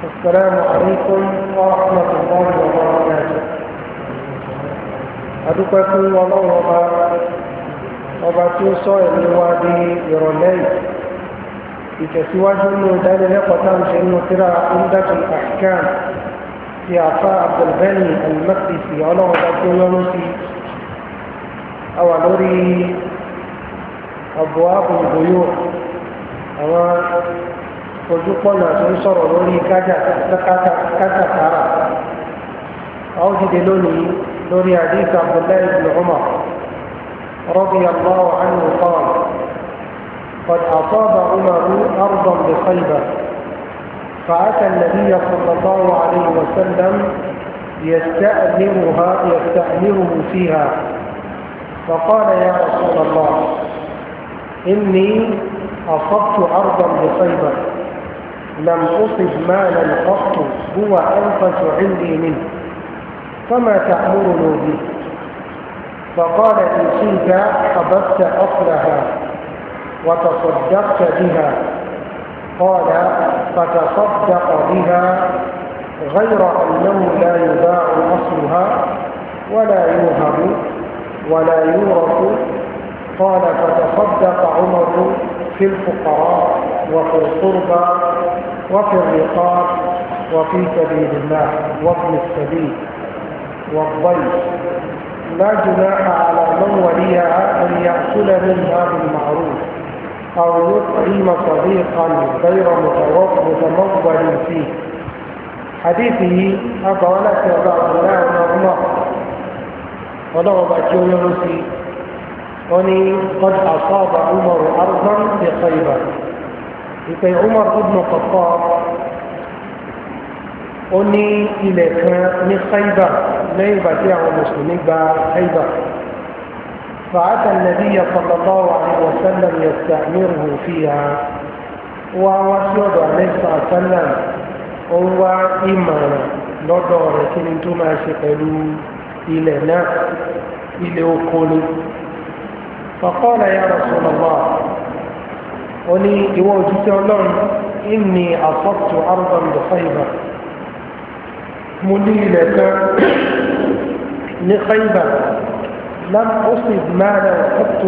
السلام عليكم ورحمة الله وبركاته adúpẹ́ fún ọlọ́run ọba ọba tí ó sọ ẹ̀mí wa di ìrọ̀lẹ́ yìí ìtẹ̀síwájú nínú ìdánilẹ́kọ̀ọ́ tá à ń ṣe nínú tíra Umdatul Ahkam ti àfa Abdulbani Al-Maqdisi ọlọ́run ọba tí ó yọrù sí àwà lórí abwaabul buyuu àwọn ojú pọ́nà tó ń sọ̀rọ̀ lórí kátàkárà àwọn dìde lónìí lórí àdìsí abdullahi ibn umar radiyallahu anhu qala قد أصاب عمر أرضا بخيبة فأتى النبي صلى الله عليه وسلم يستأمرها يستأمره فيها فقال يا رسول الله إني أصبت أرضا بخيبة لم أصب مالا قط هو أنفس عندي منه فما تأمرني به فقال إن شئت حبست أصلها وتصدقت بها قال فتصدق بها غير أنه لا يباع أصلها ولا يوهب ولا يورث قال فتصدق عمر في الفقراء وفي القربى وفي الرقاب وفي سبيل الله وابن السبيل والضيف لا جناح على من وليها أن يأكل منها بالمعروف أو يطعم صديقا غير متمول فيه حديثه أقالت بعض الله عمر ونغب أجو يرسي وني قد أصاب عمر أرضا بخيبر ìpè Umar ibn Khattab ó ní ilẹ̀ kan ní Khayba lẹ́yìn ìgbà tí àwọn mùsùlùmí gba Khayba fàátà an-nabiyya sallallahu alaihi wa sallam yasta'miruhu fiha wá wá sí ọ̀dọ̀ àlẹ́sà sálà ó wá ìmọ̀ràn lọ́dọ̀ rẹ̀ kí ni tó máa ṣe pẹ̀lú ilẹ̀ náà ilẹ̀ okòó ni. faqala ya وني يوو جيتو اني اصبت ارضا بخيبر مدينة لخيبر لم اصب ما لا أصبت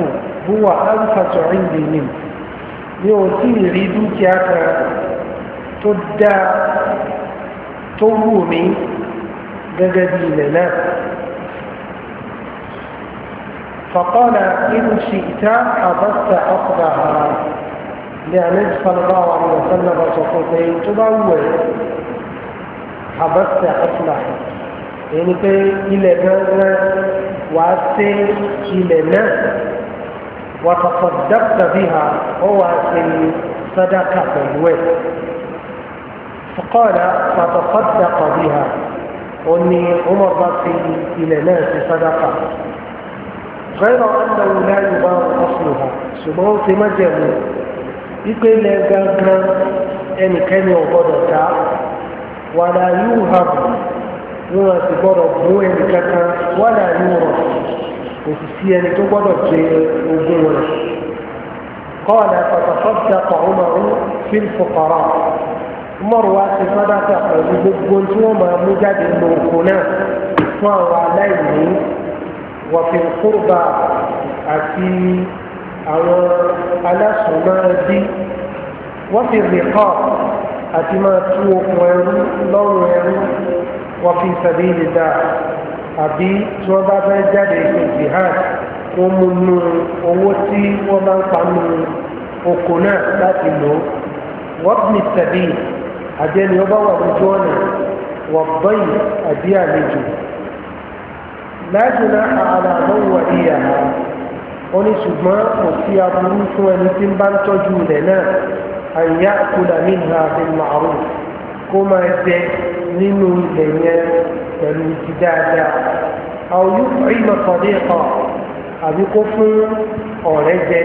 هو انفة عندي منه يوتي ريدو كاكا تدى تومي جدديننا فقال إن شئت حفظت أقضى ní àlejò sọlọ́bà wà ní ọ̀sánná bá sọ fún pé tó bá wù ẹ́ àbẹ̀sẹ̀ àkọsílà èyí ni pé ilẹ̀ náà wà á sí ilẹ̀ náà wà tọ̀tọ̀ dábìtà bí ha ó wà á sí sádàkà pẹ̀lú ẹ̀ fọkànlá فتصدق بها أني عمر بقي إلى ناس صدقة غير أنه لا يباع أصلها سبحانه تمجم wípé ilẹ̀ gangan ẹnikẹ́ni ò gbọ́dọ̀ ta wàlá yóò hà bù wọn sì gbọ́dọ̀ bú ẹni kankan wàlá yóò rọ̀ kò sì sí ẹni tó gbọ́dọ̀ jẹ ogún rẹ̀. قال فتصدق عمر في الفقراء عمر واسي صدقة ويقول ثم مجد المركنا فهو عليه وفي القربى àti àwọn alásùnmáàdí wọ́n fi rìkọ́ àti máa tú okùn ẹrú lọ́rùn ẹrú wọ́n fi sabilillah àbí tí wọ́n bá fẹ́ jáde ìpè jihad wọ́n mú nu owó tí wọ́n bá ń pa nu oko náà láti lò wọ́n fi sabil àjẹni ọba wà lójú ọ̀nà wọ́n bọ́yì àbí àlejò láti náà àlàmọ́ wà níyàrá ó ní ṣùgbọ́n kò sí aburú fún ẹni tí ń bá ń tọ́jú ilẹ̀ náà àyà kúlà nígbà fi màrú kó máa jẹ nínú ilẹ̀ yẹn pẹ̀lú ti dáadáa àwọn yóò rí lọ́kọ̀dé kan àbí kó fún ọ̀rẹ́ jẹ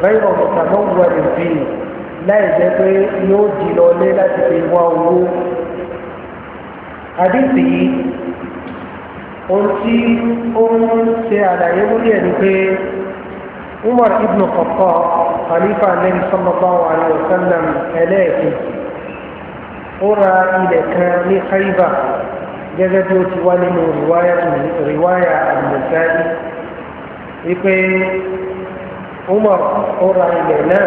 bẹ́ẹ̀ ọ̀gbọ̀ta náà wọ̀ ní bíi láì jẹ́ pé yóò di lọlé láti fi wá owó àdìsí ohun tí ó ń ṣe àlàyé lórí ẹ̀ ni pé umar ibn Khattab khalifa anabi sallallahu alayhi wa sallam ẹlẹ́ẹ̀kejì ó ra ilẹ̀ kan ní khaiba gẹ́gẹ́ bí ó ti wá nínú riwaya al-Nasa'i wípé umar ó ra ilẹ̀ náà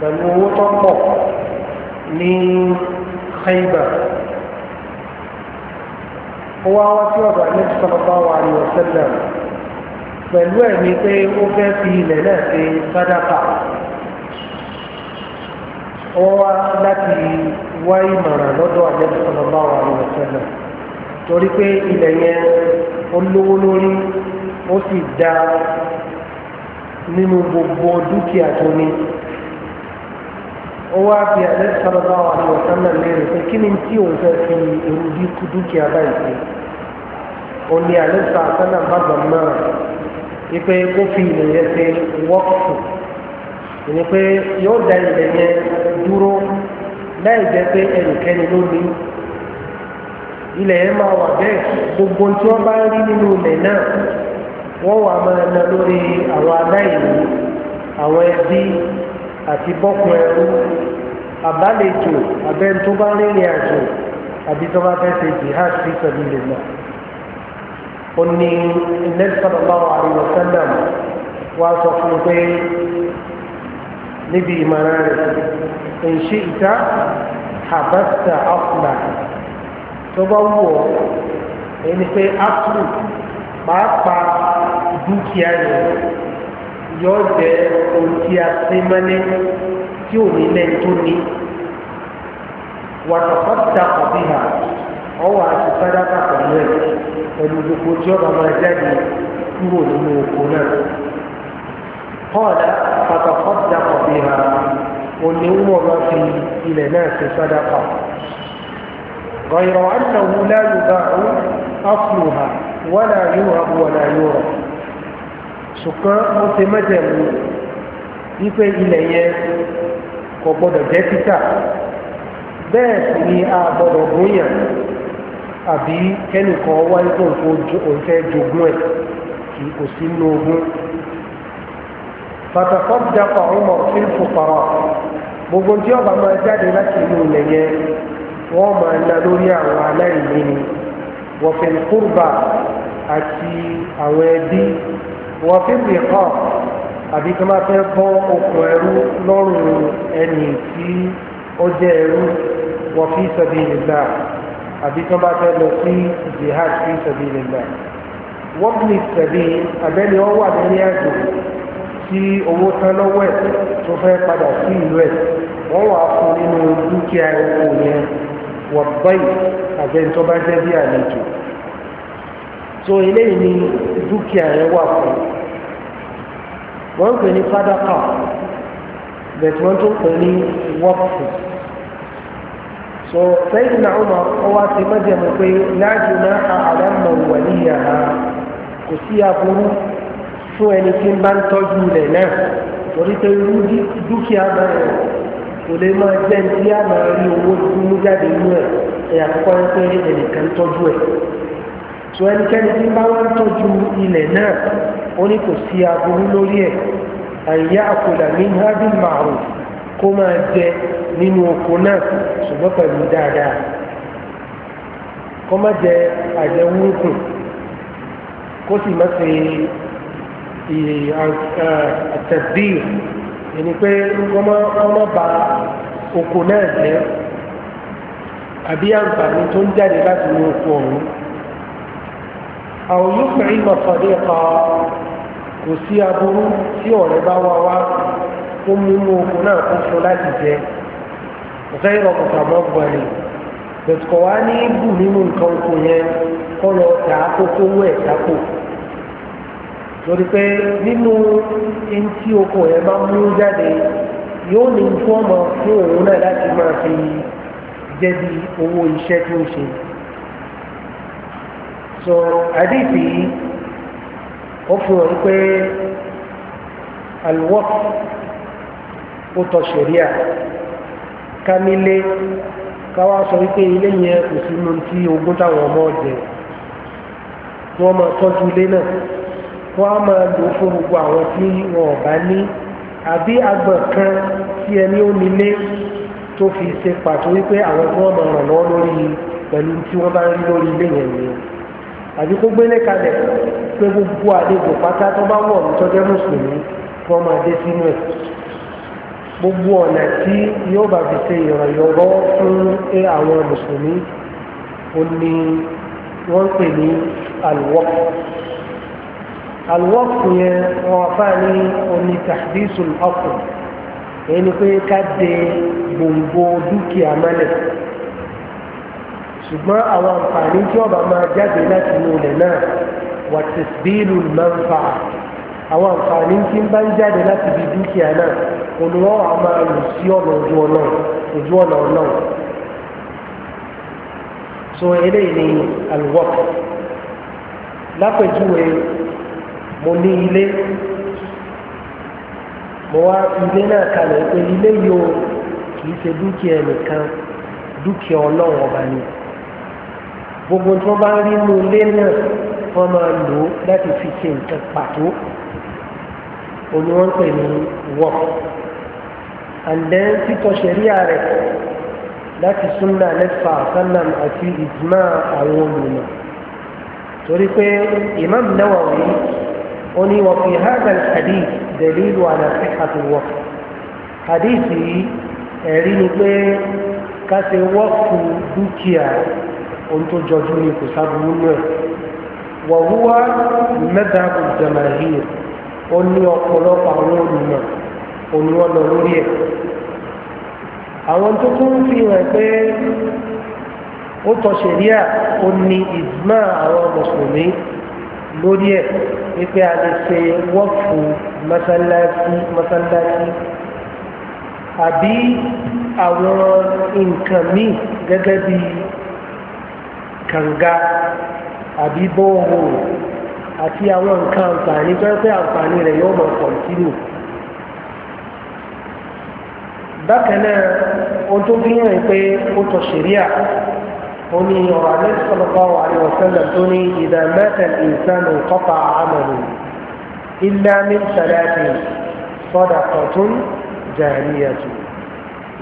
pẹ̀lú owó tó pọ̀ ní khaiba ó wá wá sí ọ̀dọ̀ anabi sallallahu alayhi wa sallam pẹ̀lú ẹ̀ ni pé ó fẹ́ fi ilẹ̀ náà ṣe sádàkà ó wá láti wá ìmọ̀ràn lọ́dọ̀ àjẹsí ọlọ́mọ àwọn àwọn ọ̀sẹ̀lẹ̀ torí pé ilẹ̀ yẹn ó lówó lórí ó sì da nínú gbogbo dúkìá tó ní ó wá bí àjẹsí ọlọ́mọ àwọn àwọn ọ̀sẹ̀lẹ̀ léèrè pé kí ni tí òun fẹ́ fi irú dúkìá báyìí ṣe ó ní àjẹsí ọlọ́mọ àwọn ọ̀sẹ̀lẹ̀ ipe kó na yẹn ṣe wọ́pù ìní pé yóò da ilẹ̀ yẹn dúró láì jẹ́ pé ẹnikẹ́ni ló ní ilẹ̀ yẹn máa wà bẹ́ẹ̀ gbogbo tí wọ́n bá rí nínú ilẹ̀ náà wọ́n wà máa na lórí àwọn aláìní àwọn ẹbí àti bọ́kùn ẹrú àbálejò abẹ́ni àjò àbí bá fẹ́ ṣe òní ìlẹ́sọ̀rọ̀ báwọn àríwọ̀ sẹ́lẹ̀m wá sọ fún un pé níbi ìmọ̀ràn rẹ̀ ìṣe ìta àbẹ́sẹ̀ ọ̀fùlà tó bá wù ọ́ èyí ni pé áfù pàápàá dúkìá rẹ̀ yóò jẹ́ ohun tí a ṣe mọ́lẹ́ tí ò ní lẹ́yìn tó ní wàtàkọ́ta kọ̀bí hà ọwọ́ àti sádàkà pẹ̀lú ẹ̀ pẹ̀lú gbogbo tí ọba máa jáde kúrò nínú oko náà. kọ́ọ̀dà pàtàkọ́ dàpọ̀ bí ha òní wọ́n bá fi ilẹ̀ náà ṣe sádàkà. غير أنه لا يباع أصلها ولا يوهب ولا يورى ṣùgbọ́n mo ti mẹ́jẹ̀mú wípé ilẹ̀ yẹn kò gbọ́dọ̀ jẹ́ títà bẹ́ẹ̀ sì ni a gbọ́dọ̀ gbóyàn àbí kẹ́nìkan wáyé tó ń fẹ́ jogún ẹ̀ kì kò sí nínú ogún fatasaddaqa Umar fil fuqara gbogbo tí ọba máa jáde láti inú ilẹ̀ yẹn wọ́n máa ná lórí àwọn aláìní ni wa fil qurba àti àwọn ẹbí wa fil riqab àbí kí wọ́n fẹ́ bọ́ okùn ẹrú lọ́rùn ẹni tí ó jẹ́ ẹrú wa fi sabilillah àbí tó bá fẹ́ lọ sí jihad fi sabilillah wọ́n ní sẹ̀bí abẹ́ni ọ wà nílé àjò tí owó tán lọ́wọ́ ẹ̀ tó fẹ́ padà sí ìlú ẹ̀ wọ́n wà fún nínú dúkìá oko yẹn wọ́n báyìí abẹ́ni tó bá jẹ́ bí àlejò so eléyìí ni dúkìá yẹn wà fún wọ́n ń pè ní fádàkà bẹ̀tí wọ́n tó pè ní wọ́pù. so na umar ó wá ti májẹ̀mú pé láàjù náà a ha kò sí aburú fún ẹni tí ń bá ń tọ́jú rẹ̀ a máa rí owó dúró jáde ya ẹ̀ ẹ̀yà kọ́kọ́ ń pé ẹnìkan tọ́jú ẹ̀ so ẹnikẹ́ni tí ń bá wá ń tọ́jú ilẹ̀ náà ó ní kò sí aburú lórí ẹ̀ àyà kó máa jẹ nínú oko náà ṣùgbọ́n pẹ̀lú dáadáa kó má jẹ àjẹwúrúkùn kó sì má ṣe àtẹ̀bíì ẹni pé wọ́n má ba oko náà jẹ́ àbí àǹfààní tó ń jáde láti ní oko ọ̀hún àwọn yóò fẹ́ ìmọ̀ sọ̀dẹ́ kan kò sí aburú tí ọ̀rẹ́ bá wá wá kó mú inú oko náà kó fún láti jẹ ọ̀sẹ̀ ìrọ̀kùn tàbọ̀ gbọ̀nì bẹ̀tùkọ̀ wá ní bù nínú nǹkan oko yẹn kọ́ lọ tà á kó kówó ẹ̀ sápò lórí pé nínú eŋti oko yẹn bá mú jáde yóò ní kí wọ́n fún òun náà láti máa fi jẹ́ bí owó iṣẹ́ tó ṣe so àdìsí yìí ó fi hàn pé alwọ́pù ó tọ́ ṣẹ̀ríà ká nílé ká wá sọ wípé ilé yẹn kò sí mú tí ogún táwọn ọmọ jẹ wọn máa tọ́jú ilé náà wọn á máa lò fún gbogbo àwọn tí wọn ò bá ní àbí agbọ̀n kan tí ẹni ó nílé tó fi ṣe pàtó wípé àwọn tí wọ́n máa ràn lọ́wọ́ lórí pẹ̀lú tí wọ́n bá ń rí lórí ilé yẹn nìyẹn àbí kó gbélé kalẹ̀ pé gbogbo àlejò pátá tó bá wọ̀ ní tọ́jú mùsùlùmí wọ́n máa dé sínú ẹ̀ gbogbo ọ̀nà tí yóò bá fi ṣe ìrànlọ́wọ́ fún àwọn mùsùlùmí ó ní wọ́n ń pè ní alwọ́pù alwọ́pù yẹn wọ́n afá ní oní tahdisul ọkù èyí pé ká de gbòǹgbò dúkìá mọ́lẹ̀ ṣùgbọ́n àwọn àǹfààní tí ọba máa jáde láti inú ilẹ̀ náà wà tẹ̀síbílù manfa'a àwọn àǹfààní tí ń bá ń jáde láti ibi dúkìá náà olùwọ́n wa máa lù sí ọ̀nà ojú ọ̀nà ojú ọ̀nà ọ̀nà so eléyìí ni àlùwọ́pù lápẹ̀júwe mo ní ilé mo wá ilé náà kalẹ̀ pé ilé yìí o kì í ṣe dúkìá ẹnìkan dúkìá ọlọ́run ọba ni gbogbo tí wọ́n bá ń rí inú ilé náà wọ́n máa lò ó láti fi ṣe nǹkan pàtó olùwọ́n pè ní wọ́pù and then títọ́ ṣẹ̀ríà rẹ̀ láti súnà lẹ́fà sálàm àti ìjìmá àwọn olùmọ̀ torí pé imam Nawawi ó ní wọ́n fi hadal hadith dalilu ala sihhati waqf hadith yìí ẹ̀rí ni pé ká ṣe wọ́ọ̀kù dúkìá ohun tó jọjú ni kò sábúrú nù ẹ̀ wọ̀húwá madhabu jamahir ó ní ọ̀pọ̀lọpọ̀ àwọn olùmọ̀ òní wọn lọ lórí ẹ̀ àwọn tó tún fi hàn pé ó tọ́ ṣẹ̀ríà ó ní ìdìmọ̀ àwọn mùsùlùmí lórí ẹ̀ wípé a lè ṣe wọ́ọ̀fù mọ́sálásí mọ́sálásí àbí àwọn nǹkan míì gẹ́gẹ́ bí kànga àbí bọ́ọ̀hù àti àwọn nǹkan àǹfààní tó ń pẹ́ àǹfààní rẹ̀ yóò mọ̀ kọ̀ǹtínù bákan náà ohun tó fi hàn pé ó tọ̀ ṣẹ̀ríà ó ní ọ̀rọ̀ alẹ́ sallallahu alaihi wasallam tó ní idha mata al-insanu qata'a 'amaluhu illa min thalathin sadaqatin jariyatun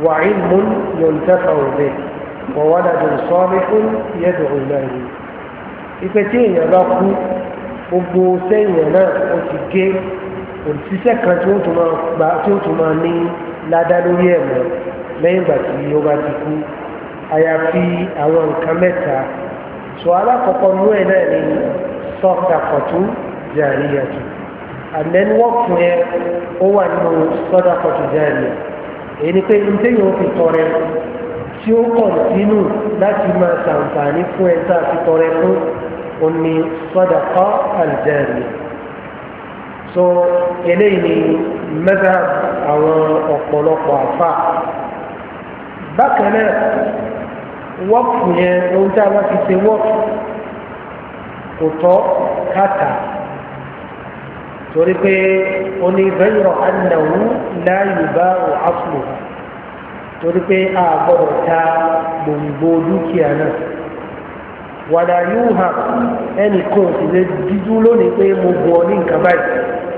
wa 'ilmun yuntafa'u bihi wa waladun salihun yad'u lahu ìpè tí èèyàn bá kú gbogbo sẹ́yìn náà ó ti gé òṣìṣẹ́ kan tí ó tún máa ní ládá lórí ẹ̀ mọ́ lẹ́yìn ìgbà tí ó bá ti kú àyàfi àwọn nǹkan mẹ́ta sọ alákọ̀ọ́kọ́ nú ẹ̀ náà ni sọ́kàkọ̀tù jàríyàtù àmẹ́nuwọ́kùn ẹ ó wà nínú sọ́dàkọ̀tù jàríyà èyí ni pé ní téèyàn fi tọrẹ tí ó kọ̀ǹtínù láti máa ṣàǹfààní fún ẹ tá a fi tọrẹ fún òní sọ́dàkọ̀ àlùjàríyà so eléyìí ni mẹ́ta àwọn ọ̀pọ̀lọpọ̀ àfa bákan náà wọ́ọ̀kù yẹn ohun tí a bá fi ṣe wọ́ọ̀kù kò tọ́ káàtà torí pé ó ní bẹ́yọ̀ anáwó láàyè bá àṣùlù torí pé a gbọ́dọ̀ ta gbòǹgbò dúkìá náà wàdà yóò hàn ẹnì kan ò sì lè dídú lónìí pé mo bọ̀ ní nǹkan báyìí.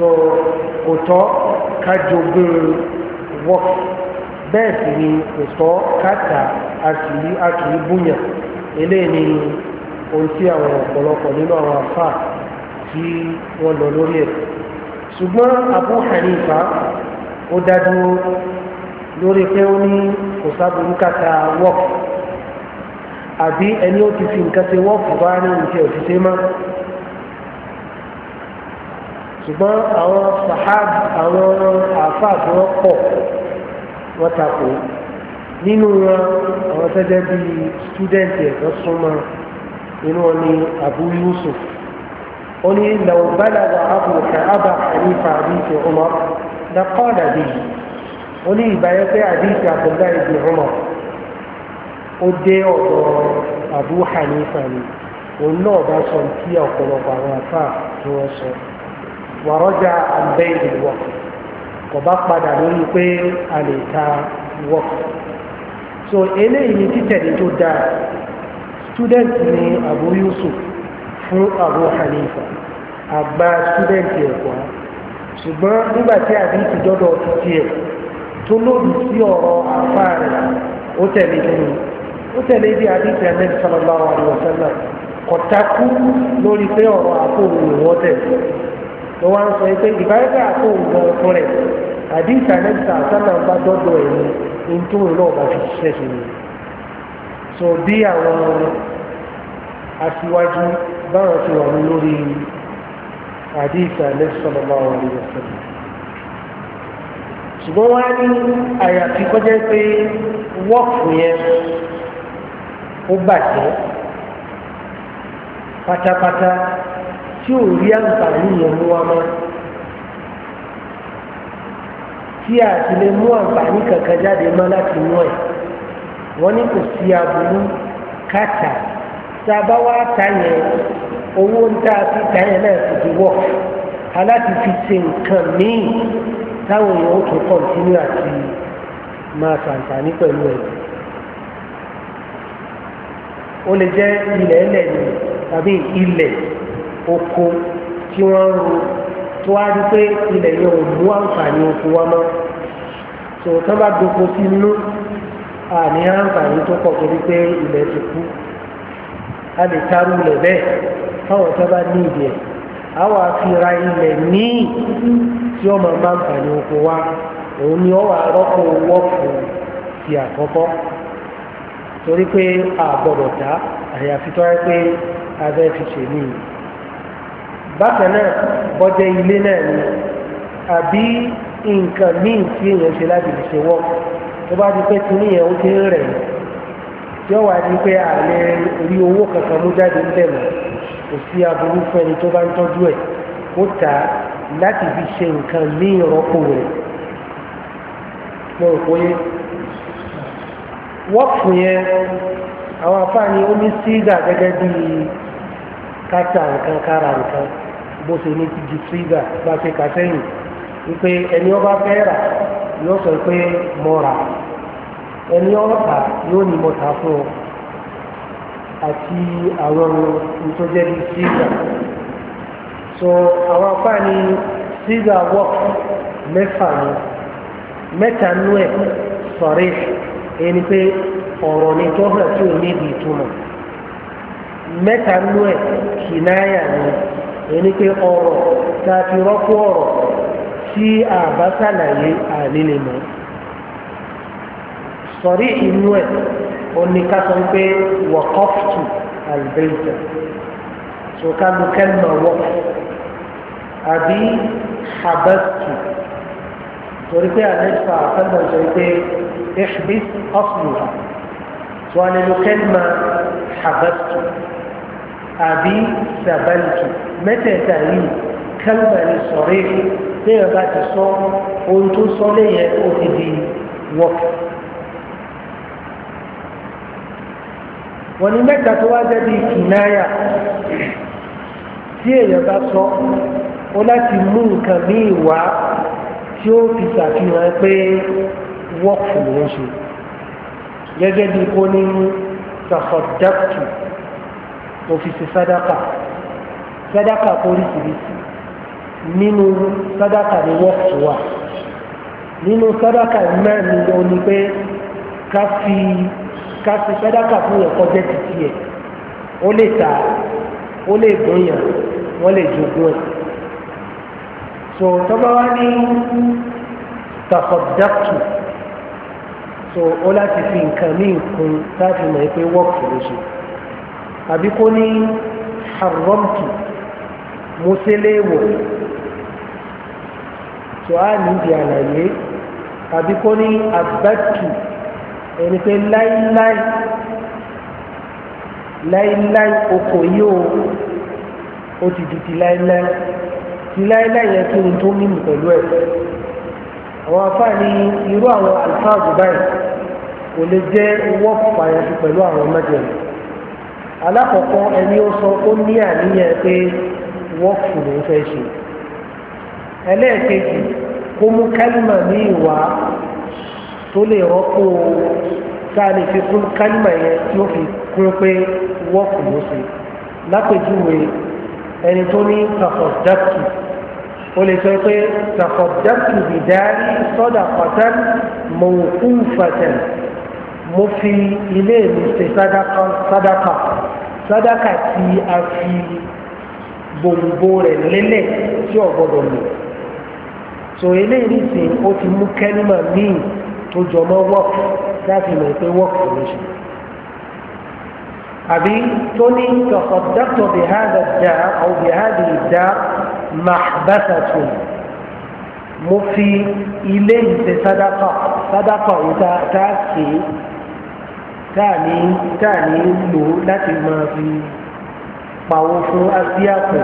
so kò tọ́ ká jogún wọ́k bẹ́ẹ̀ sì ni kò tọ́ ká tà á sì rí á kì í búyàn eléyìí ni ohun tí àwọn ọ̀pọ̀lọpọ̀ nínú àwọn àfà tí wọ́n lọ lórí ẹ̀ ṣùgbọ́n Abu Hanifa ó dájú lórí pé ó ní kò sábúrú kàtà wọ́k àbí ẹni ó ti fi nǹkan ṣe wọ́ọ̀kù bá ní ìṣe òṣìṣẹ́ máa ṣùgbọ́n àwọn sahab àwọn àáfàá tí wọ́n pọ̀ wọ́n takò nínú wọn àwọn tẹ́jẹ́ bíi stúdẹ̀ntì ẹ̀kọ́ súnmọ́ nínú wọn ni Abu Yusuf ó ní law balagha abuka Aba Hanifa àbíkẹ́ Umar laqala bihi ó ní ìbáyọ̀ pé àbíkẹ́ Abdullahi ibn Umar ó dé ọ̀dọ̀ Abu Hanifa ni òun náà bá sọ ní kí ọ̀pọ̀lọpọ̀ àwọn àáfàá tí wọ́n sọ. wàrọ́jà àgbẹ̀ ìwọ̀ kò bá padà lórí pé so eléyìí ni títẹ̀lé student ni Abu Yusuf fún Abu Hanifa àgbà student ẹ̀kọ́ ṣùgbọ́n nígbà tí àdìsí dọ́dọ̀ títí ẹ̀ tó lòdì sí ọ̀rọ̀ àfa rẹ̀ ó tẹ̀lé nínú ó tẹ̀lé bí àdìsí Ànábì sallallahu alaihi wasallam kọ̀takú lórí pé ọ̀rọ̀ àpò òun ló wá ń sọ pé ìbáraẹ̀dà tó ń lọ fún rẹ̀ àdìsá nẹ́sà sánà bá dọ́dọ̀ ẹ̀ ní ntúwìn náà bá fi ṣiṣẹ́ ṣe ni. sọ bí àwọn aṣíwájú báwọn ti wà ní lórí àdìsá nẹ́sà bàbá wọn ní ọ̀sẹ̀ mi. ṣùgbọ́n wá ní àyàfi kọjá pé wọ́ọ̀kù yẹn ó bàjẹ́ pátápátá tí ò rí àǹfààní yẹn mú wa mọ́ tí a ti lè mú àǹfààní kankan jáde mọ́ láti mú ẹ̀ wọ́n ní kò sí aburú kàtà tá a bá wá ta yẹn owó ń tá a fi ta yẹn náà kò ti wọ̀ aláti fi ṣe nǹkan míì táwọn èèyàn ó tún kọ̀ǹtínú àti máa ṣàǹfààní pẹ̀lú ẹ̀ ó lè jẹ́ ilẹ̀ ẹlẹ́ni tàbí ilẹ̀ oko tí wọ́n ń ro tó wá di pé ilẹ̀ yẹn ò mú àǹfààní oko wa mọ́ tó tán bá doko sí inú àní àǹfààní tó pọ̀ torí pé ilẹ̀ ti kú a lè tarú ilẹ̀ bẹ́ẹ̀ fáwọn tó bá ní ìdí ẹ̀ a wà fi ra ilẹ̀ míì tí ó máa bá àǹfààní oko wa òun ni ó wà rọ́pò wọ́pù ti àkọ́kọ́ torí pé a gbọ́dọ̀ dá àyàfi tó yẹ pé abẹ́ fi ṣèlú yìí bákan náà bọ́jẹ́ ilé náà ni àbí nǹkan míì tí èèyàn ṣe láti fi ṣe wọ́ tó bá di pé kíní yẹn ó ti ń rẹ̀ tí ó wà di pé àlẹ́ orí owó kankan mú jáde ń bẹ̀rẹ̀ kò sí aburú fún ẹni tó bá ń tọ́jú ẹ̀ ó tà á láti fi ṣe nǹkan míì rọ́pò rẹ̀ mo rò pé wọ́pù yẹn àwọn afáàní ó ní sígà gẹ́gẹ́ bíi káta nǹkan kára nǹkan bó ṣe ní ti di trigger bá ṣe kà sẹ́yìn wípé ẹni ọba fẹ́ rà yóò sọ pé mo rà ẹni ọ̀tà yóò ní mo tà fún ọ àti àwọn ìtọ́jẹ́ bíi trigger so àwọn apá ni trigger work mẹ́fà ni mẹ́ta nú ẹ̀ sọ̀rí ẹni pé ọ̀rọ̀ ni tó tí ò ní ibi ìtumọ̀ mẹ́ta nú ẹ̀ kìnnáyà ni ẹni pé ọ̀rọ̀ tá a fi rọ́pò ọ̀rọ̀ tí a bá ṣàlàyé àlele mọ́ sọ̀rí inú ẹ̀ oníkásọ̀ ń pé wọ́kọ́fùtù àlùbẹ́yìtà sọ̀kánu kẹ́lìmọ̀ wọ́k àbí habẹ́tù torí pé àlẹ́fà àfẹ́mọ̀ pé ihbis asluha sọ̀kánu habẹ́tù àbí sàbẹ́tù mẹ́tẹ̀ẹ̀ta yìí kẹ́lùmọ̀ ní sọ̀rọ̀ èyí téèyàn bá ti sọ ohun tó sọ léyìn ó ti di wọ́ọ̀kì. wọ́n ní mẹ́ta tó wá jẹ́ bí tí èèyàn bá sọ ó láti mú nǹkan míì wá tí ó fi ṣàfihàn pé wọ́ọ̀kì ló ṣe gẹ́gẹ́ bí kò ní sàkọ̀dàkùtù òfìsì sádàkà sàdákà oríṣiríṣi nínú sàdákà ni wọ́ọ̀kì wà nínú sàdákà náà ni wọ́n ní pé ká fi ká fi sàdákà fún yẹn kọjá títí ẹ̀ ó lè ta ó lè gún yàn wọ́n lè jogún ẹ̀ so tọ́ba wá ní tàkọ̀dàkì so ó láti fi nǹkan míì kún láti mọ̀ pé wọ́ọ̀kì ló ṣe àbí kó ní haramtu mo ṣe léèwọ̀ tó a nídìí àlàyé àbí kó ní àbẹ́tù ẹni pé láíláí láíláí oko yìí o ó ti di ti láíláí ti láíláí yẹn kí ni tó mímu pẹ̀lú ẹ̀ àwọn afáàní irú àwọn alifáàgù báyìí kò lè jẹ́ wọ́pù àyàfi pẹ̀lú àwọn mẹ́jọ alákọ̀ọ́kọ́ ẹni ó sọ ó ní àníyàn pé wọ́ọ̀fù ló ń fẹ́ ṣe ẹlẹ́ẹ̀kejì kó mú kálímà ní ìwà tó lè rọ́pò sáàlì fi kún kálímà yẹn tí ó fi kún pé wọ́ọ̀fù ló ṣe lápèjúwe ẹni tó ní tàfọ̀dàkì ó lè sọ pé tàfọ̀dàkì bìdárí sọ́dà pàtán mọ̀ọ́kùnfàtàn mo fi ilé mi ṣe sádàkà sádàkà tí a fi gbòǹgbò rẹ̀ lélẹ̀ tí ò gbọ́dọ̀ lò so eléyìí nìsín ó ti mú kẹ́límà míì tó jọ mọ́ wọ́ọ̀k láti mọ̀ pé wọ́ọ̀k ló ṣe àbí tó ní tọ̀kọ̀dọ́tọ̀ bí hádà dá àwọn bí hádà dá màbàtà tó mo fi ilé ìṣe sádàkà sádàkà yìí tá a ṣe tá a ní lò láti máa fi pawó fún asíàpò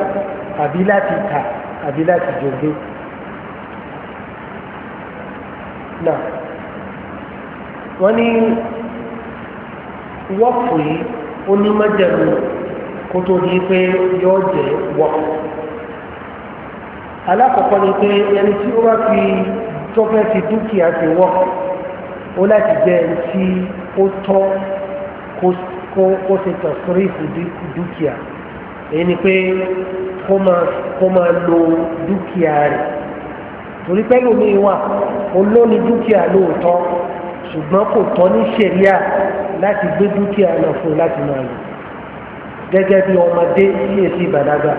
àbí láti tà àbí láti jògbé. náà wọ́n ní wọ́pù yìí ó ní májẹ̀mú kó tó di pé yóò jẹ́ wọ́pù. alákọ̀ọ́kọ́ ni pé ẹni tí ó bá fi tọ́fẹ́ fi dúkìá ti wọ́pù ó láti jẹ́ ẹni tí ó tọ́ kó ṣe tọ̀sírí fún èyí ni pé kó máa kó máa lo dúkìá rẹ̀ torí pẹ́lú mi wà olóni dúkìá lóòótọ́ ṣùgbọ́n kò tọ́ ní ṣẹ̀ríà láti gbé dúkìá náà fún láti máa lò gẹ́gẹ́ bí ọmọdé sí èsì ìbàdàgbà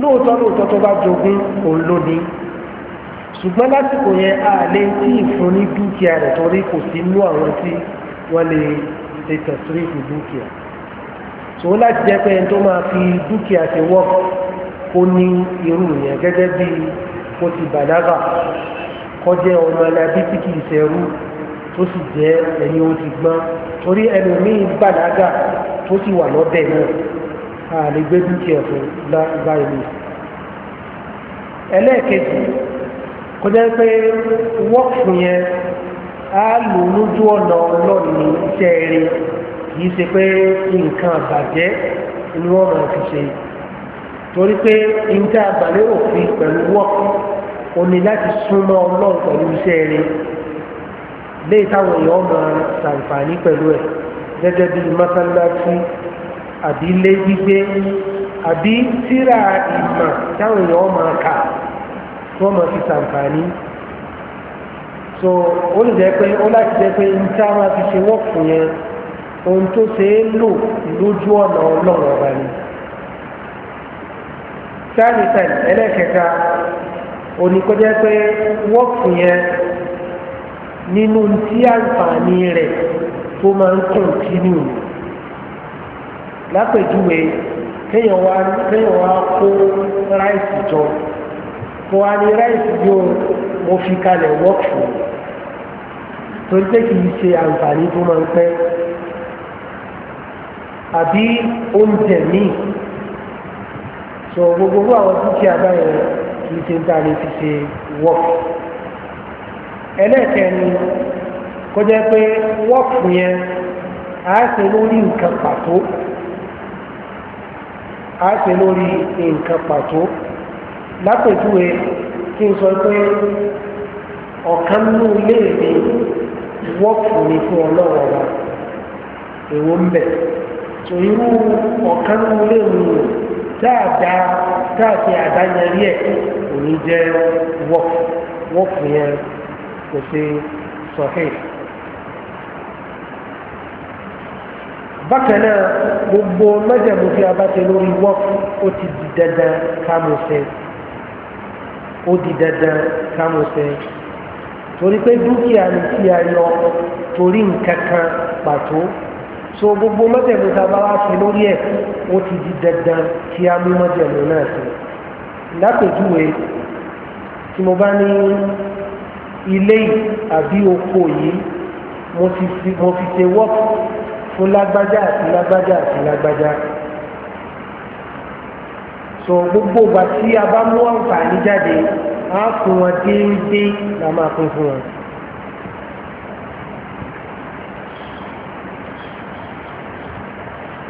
lóòótọ́ lóòótọ́ tó bá jogún òun ló ní ṣùgbọ́n lásìkò yẹn a lè tí ìfún ní dúkìá rẹ̀ torí kò sí inú àwọn tí wọ́n lè ṣe tẹ̀sírí ìdúkìá so láti jẹ́ pé ẹni tó máa fi dúkìá ṣe work ó ní irú yẹn gẹ́gẹ́ bí ó ti bàlágà kọjá ọmọ alábí tí kìí ṣẹrú tó sì jẹ́ ẹni ó ti gbọ́n torí ẹlòmíín bàlágà tó sì wà lọ́bẹ̀ náà a lè gbé dúkìá fún báyìí ẹlẹ́ẹ̀kejì kọjá pé work fún yẹn á lò lójú ọ̀nà ọlọ́ọ̀ni iṣẹ́ rẹ̀ kìí ṣe pé nǹkan àbàjẹ́ ni wọ́n máa fi ṣe torí pé nǹkan àbàlẹ́ òfin pẹ̀lú wọ́ọ̀kì ó ní láti súnmọ́ ọlọ́run pẹ̀lú iṣẹ́ rẹ̀ léyìí táwọn èèyàn máa ṣàǹfààní pẹ̀lú ẹ̀ gẹ́gẹ́ bí mọ́sálásí àbí ilé gbígbé àbí tírà ìmọ̀ táwọn èèyàn máa kà tí wọ́n máa fi ṣàǹfààní so ó lè jẹ́ pé ó láti jẹ́ pé nǹkan máa fi ṣe wọ́ọ̀kì yẹn ohun tó ṣe é lò lójú ọ̀nà ọlọ́run ọba ni. sáàlì tàn ẹlẹ́kẹta oníkọjá pé wọ́ọ̀kì yẹn nínú tí àǹfààní rẹ̀ tó máa ń kọ̀ǹtínú lápèjúwe kéèyàn wá kéèyàn wá kó ráìsì jọ kó wá ní ráìsì yóò mo fi kalẹ̀ wọ́ọ̀kì torí pé kì í ṣe àǹfààní tó máa ń pẹ́ àbí oúnjẹ míì so gbogbo àwọn dúkìá báyẹn kì í ṣe ń tàlẹ́ fi ṣe wọ́ọ̀kì ẹlẹ́ẹ̀kẹ́ni kó jẹ́ pé wọ́ọ̀kì yẹn á ṣe lórí nǹkan pàtó á ṣe lórí nǹkan pàtó lápèjúwe kí n sọ pé ọ̀kan nínú ilé mi wọ́ọ̀kì mi fún ọlọ́wọ́ wa èwo ń bẹ̀ sọ irú ọ̀kan lè mú dáadáa dáàfin àdáyẹrí ẹ̀ kò ní jẹ́ wọ́ọ̀fù wọ́ọ̀fù yẹn kò ṣe sọ̀hìn. bákan náà gbogbo mẹ́jẹ̀mú tí a bá ṣe lórí wọ́ọ̀fù ó ti di dandan ká ó di dandan ká torí pé dúkìá ni tí a yọ torí nǹkan kan pàtó so gbogbo mọ́tẹ̀mú tá a bá wá ṣe lórí ẹ̀ ó ti di dandan kí a mú mọ́tẹ̀mú náà sí lápèjúwe tí mo bá ní ilé àbí oko yìí mo fi ṣe wọ́p fún lágbájá àti lágbájá àti lágbájá so gbogbo ìgbà tí a bá mú àǹfààní jáde á fún wọn déédéé la máa pín fún wọn.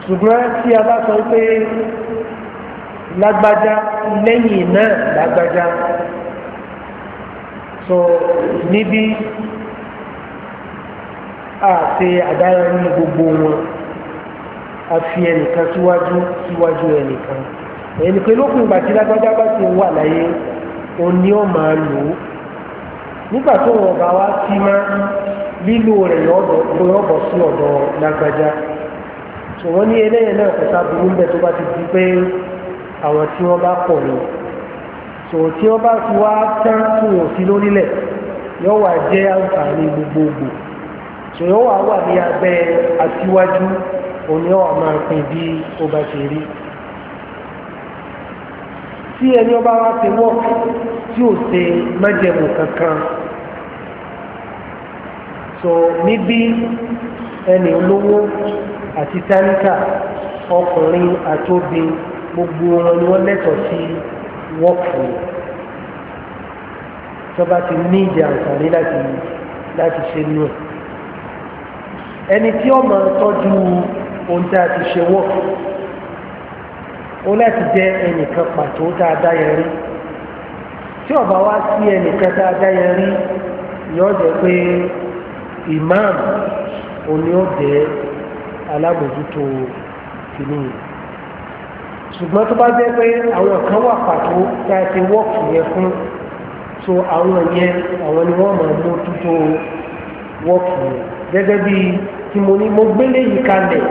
ṣùgbọ́n tí a bá sọ pé lágbájá lẹ́yìn náà lágbájá so níbí àti àdáyà ní gbogbo wọn a fi ẹnìkan síwájú síwájú ẹnìkan ẹni pé lókun ìgbà tí lágbájá bá ti wà láyé òun ni ó máa lò ó nígbà tó wọn bá wá sí máa lílo rẹ̀ yọ̀ọ̀bọ̀ sí ọ̀dọ̀ lágbájá ṣùgbọ́n ní eléyìí náà kò sá burú bẹ́ẹ̀ tó bá ti di pé àwọn tí wọ́n bá pọ̀ ni ṣò tí wọ́n bá ti wá tán fún òsì lórílẹ̀ yóò wá jẹ́ àǹfààní gbogbogbò ṣò yóò wá wà ní abẹ́ aṣíwájú òní ọ̀ máa pin bí ó bá ṣe rí tí ẹni ọba wa ti wọ́ tí ò ṣe májẹ̀mú kankan so níbí ẹni olówó àti táníkà ọkùnrin àtòbin gbogbo wọn ni wọ́n lẹ́tọ̀ọ́ sí wọ́ọ̀kì tọ́ba ti ní ìdí àǹfààní láti láti ṣe nù ẹ̀ ẹni tí ó máa ohun tá a ti ṣe wọ́ọ̀kì ó láti jẹ́ ẹnìkan pàtó tá a dá yẹn rí tí ó bá wá sí ẹnìkan tá a dá yẹn rí yóò jẹ́ pé ìmáàmù òní ó jẹ́ alábòjútó kìíní ṣùgbọ́n tó bá jẹ́ pé àwọn kan wà pàtó tí a ti wọ́ọ̀kì yẹn fún so àwọn yẹn àwọn ni wọ́n máa mójútó wọ́ọ̀kì yẹn gẹ́gẹ́ bí tí mo ní mo gbélé yìí kalẹ̀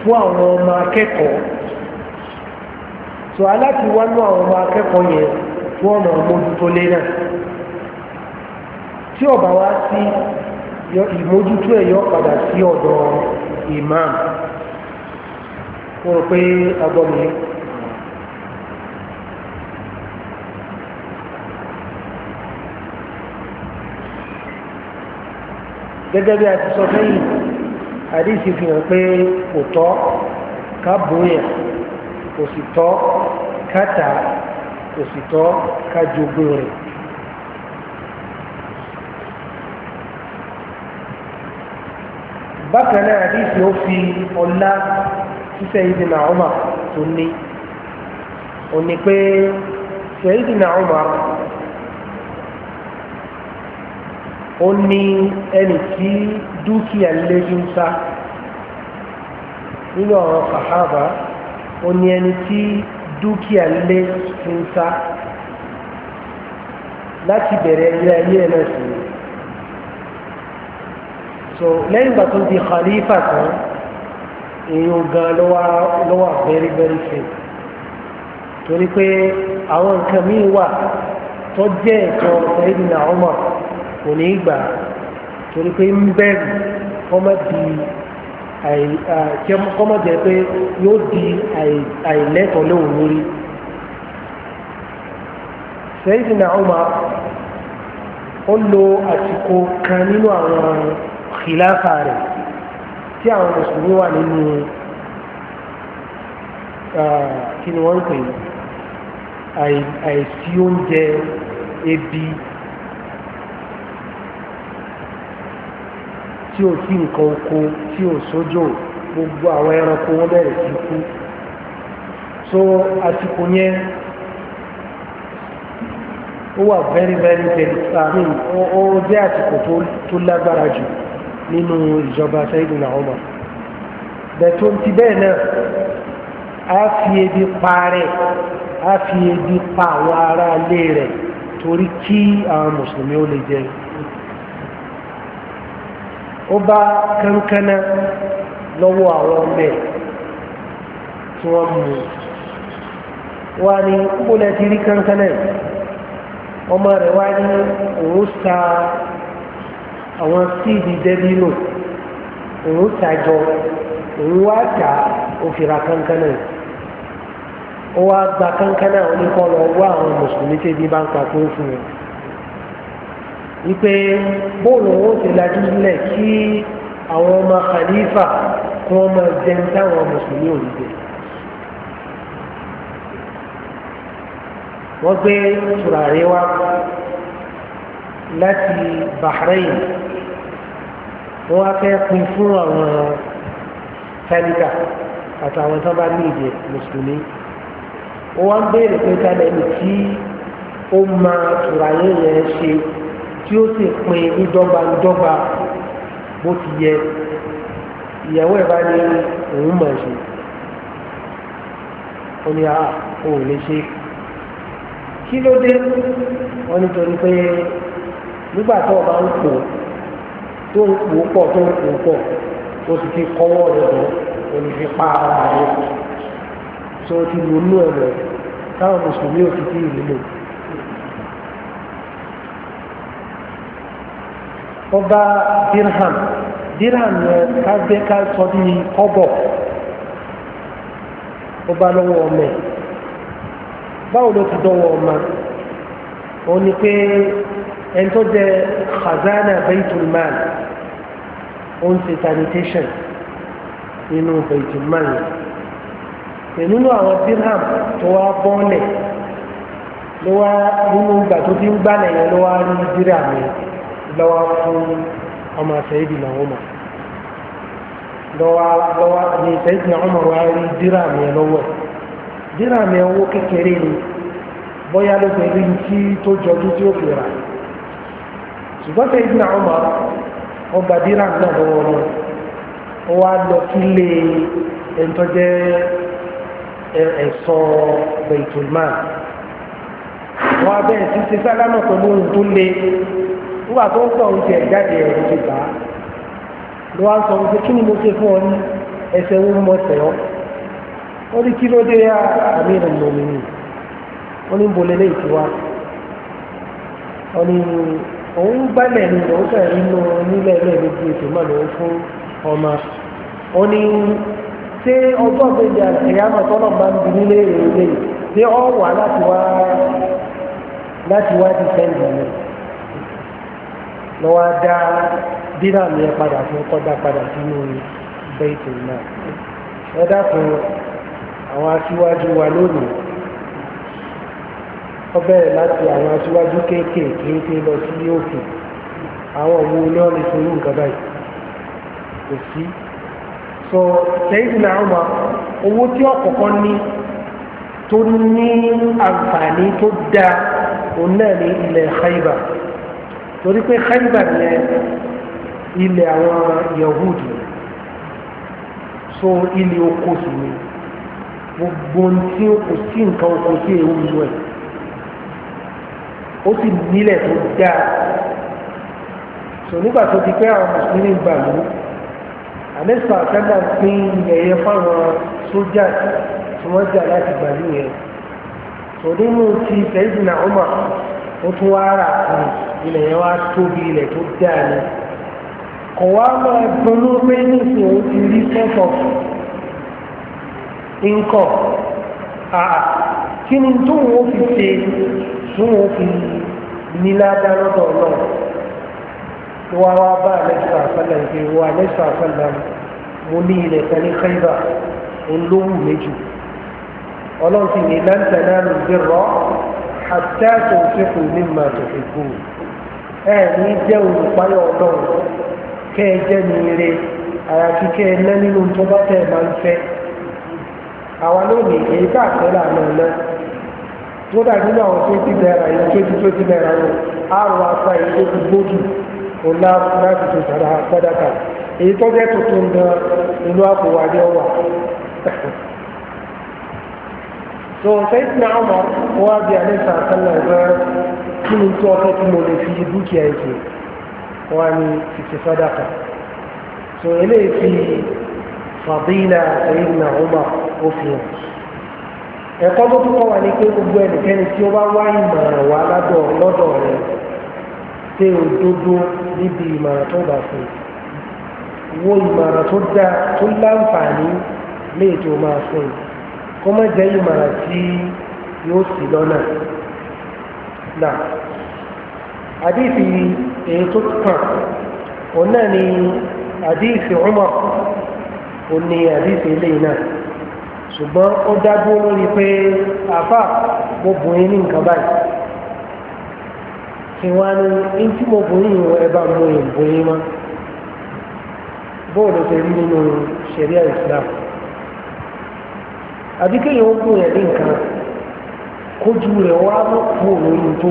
fún àwọn ọmọ akẹ́kọ̀ọ́ so aláti wá nú àwọn ọmọ akẹ́kọ̀ọ́ yẹn wọ́n máa mójútó lé náà tí ọ̀bà wá sí ìmójútó ẹ̀ yọ padà sí ọ̀dọ̀ ọ̀rọ̀ imam mo rò pé ọgbọ́n mi gẹ́gẹ́ bí a ti sọ fẹ́yìn àdísì fi hàn pé kò tọ́ ká kò sì tọ́ ká kò sì tọ́ ká rẹ̀. bákan náà àdìsí ó fi ọlá ṣíṣe ìdènà ọmọ tó ní ó ní pé ṣe ìdènà ọmọ ó ní ẹni tí dúkìá lébi ń sá nínú àwọn sàhábà ó ní ẹni tí dúkìá lé ń sá láti bẹ̀rẹ̀ ilé ayé ẹ̀ náà sí ni so lẹ́yìn ìgbà tó di khalifa tán èèyàn gan ló wà very very fake torí pé àwọn nǹkan míì wà tó jẹ́ ẹ̀tọ́ Sayyidina Umar kò ní í gbà torí pé ń bẹ̀rù kọ́mọ di kọ́mọ jẹ́ pé yóò di àìlẹ́tọ̀ọ́ lóun lórí Sayyidina Umar ó lo àsìkò kan nínú àwọn kìláfà rẹ̀ tí àwọn mùsùlùmí wà nínú kí ni wọ́n ń pè àìsí oúnjẹ ebi tí ò sí nǹkan oko tí ò sójò gbogbo àwọn ẹranko wọn bẹ̀rẹ̀ sí kú so àsìkò yẹn ó wà very very very i mean ó jẹ́ àsìkò tó lágbára jù nínú ìjọba Sayyidina Umar bẹ̀tọ́ ti bẹ́ẹ̀ náà a fi ebi pa rẹ̀ a fi ebi pa àwọn ará ilé rẹ̀ torí kí àwọn mùsùlùmí ó lè jẹ ó bá kankana lọ́wọ́ àwọn ọmọ ẹ̀ tí wọ́n mú wa ni kúkú ti rí kankana ọmọ rẹ̀ wá ní òun sa àwọn síìdì dẹ́bínú òun tàjọ òun wá tà òfìrà kankana yìí ó wá gba kankana oníkọlọ wá àwọn mùsùlùmí tẹ́bí bá ń pa kó fún un wípé bóòlù owó ti lajú sílẹ̀ kí àwọn ọmọ khalifa kí wọ́n máa jẹun táwọn mùsùlùmí ò ní bẹ̀rẹ̀. wọ́n gbé tùràrí wá láti Bahrain wọ́n á fẹ́ pin fún àwọn tálíkà àtàwọn tó bá ní ìdè mùsùlùmí ó wá ń béèrè pé tálẹ̀ ní tí ó máa tùràyé yẹn ṣe tí ó sì pin ní dọ́gbandọ́gba bó ti yẹ ìyàwó ẹ̀ bá ní òun mọ̀ ṣe ó ní a ah, ò lè ṣe kí ló dé wọ́n nítorí pé nígbà tó o máa ń tó ń o sì fi kọ́wọ́ rẹ̀ bọ̀ o pa ara rẹ̀ so o ti lò nú ẹ̀ táwọn mùsùlùmí ò ti fi ìlú lò. ọba dirham dirham yẹn ká gbé ká sọ bí kọ́bọ̀ ọba lọ́wọ́ ọmọ ẹ̀ báwo ló ti dọ́wọ́ ọmọ ẹ̀. ó ní pé ẹni tó jẹ khazana baitul mal ó ń ṣe sanitation nínú baitul mal yẹn nínú àwọn dirham tó wá bọ́ọ̀lẹ̀ ló wá nínú ìgbà tó fi ń gbálẹ̀ yẹn ló wá rí dirham yẹn lọ́wọ́ fún ọmọ sẹ́yìn náà lọ́wọ́ lọ́wọ́ ní sẹ́yìn náà wá rí dirham yẹn lọ́wọ́ dirham yẹn owó kékeré ni bóyá ló fẹ́ rí tí tó jọjú tí ó fi rà ṣùgbọ́n tẹ́ ìdúrà ọmọ ọgbà dírà náà lọ́wọ́ lọ ó wá lọ sílé ẹ̀ńtọ́jẹ́ ẹ̀sọ́ bẹ̀tùlmá wọ́n abẹ́ títí sálámà pẹ̀lú ohun tó le nígbà tó ń pọ̀ ohun ti ẹ̀jáde ẹ̀rù ti bá ló wá ń sọ wípé kí ni mo ṣe fún ọ ní ẹsẹ̀ wo mo tẹ̀ ọ́ ó ní kí ló dé àmì ìrìnà òmìnira wọ́n ní bo lélẹ́yìí ti wá wọ́n ní òun gbálẹ̀ ni òun fẹ́ nínú nílẹ̀ ilé mi di ètò náà lòun fún ọmọ wọ́n ní ṣé ọjọ́ ìgbéjà ẹ̀yà àmọ̀tọ́nà máa ń bi nílé ìrèlè ṣé ọ wà láti wá láti wá di sẹ́ńdì mi lọ́wọ́ á dá dínà mi padà fún kọ́dá padà sínú bẹ́ẹ̀tì náà ẹ dákun àwọn aṣíwájú wa lónìí wọ́n bẹ̀rẹ̀ láti àwọn aṣíwájú kéékèèké lọ sí òkè àwọn òwò náà lè ṣerú nǹkan báyìí kò sí so sẹ́yìn náà wà owó tí ọ̀kọ̀ọ̀kọ́ ní tó ní àǹfààní tó dáa òun náà ní ilẹ̀ Khaibar torí pé Khaibar yẹn ilẹ̀ àwọn Yahudi so ilẹ̀ oko sì ni gbogbo tí kò sí nǹkan oko sí ewu ìlú ẹ̀. ó sì nílẹ̀ tó dáa so tó ti pẹ́ àwọn mùsùlùmí gbà ló àlẹ́sà àtẹ́lá pín ilẹ̀ yẹn fáwọn sójà tí wọ́n jà láti gbà ló yẹn ti sẹ́yìnà ọmọ ó tún wá rà ilẹ̀ yẹn wá tóbi ilẹ̀ tó dáa ni kò wá máa dunnú pé nísìnyí ó ti rí sọ́tọ̀ ńkọ̀ kí ni tóun ó fi ṣe tí wọ́n fi nílá dáná tọ̀ náà tó wá wá bá àlẹ́sà àfẹ́lẹ́ ìpè wọ àlẹ́sà àfẹ́lẹ́ mo ní ilẹ̀ kan ní kẹ́ńdà olówù méjì ọlọ́run ti ní láǹtẹ̀nà ló dé rọ́ àtẹ́tò fẹ́kù ní màtòfẹ́ kù ẹ ní jẹ́ olùpáyọ̀ ọlọ́run kẹ́ ẹ jẹ́ ní ire àyàfi kẹ́ ẹ ná nínú tó bá tẹ̀ máa ń fẹ́ àwa lónìí èyí káàkiri àná náà. kódà nínú àwọn twenty naira yìí twenty twenty naira yìí àrùn afa yìí tó ti o la láti tó sàrà gbadaka èyí tó jẹ́ tuntun gan inú wa ni ó wà. so sẹ́yìn náà ọmọ so eléyìí fi fàdílà ẹ̀kọ́ tó tún kọ́ wa ni pé gbogbo ẹnikẹ́ni tí ó bá wá ìmọ̀ràn wa lábọ̀ lọ́dọ̀ rẹ̀ ṣe òdodo níbi ìmọ̀ràn tó bá fún wo ìmọ̀ràn tó dáa tó láǹfààní léè tó máa fún un kó má jẹ́ ìmọ̀ràn tí yóò sì lọ́nà àdìsí èyí tó kàn ni àdìsí ṣùgbọ́n ó dájú lórí pé àfà ní nǹkan báyìí tí wọ́n ní ní tí mú mọ́ bóòlù rí nínú Islam ó yẹn ní nǹkan kójú rẹ̀ wá lórí tó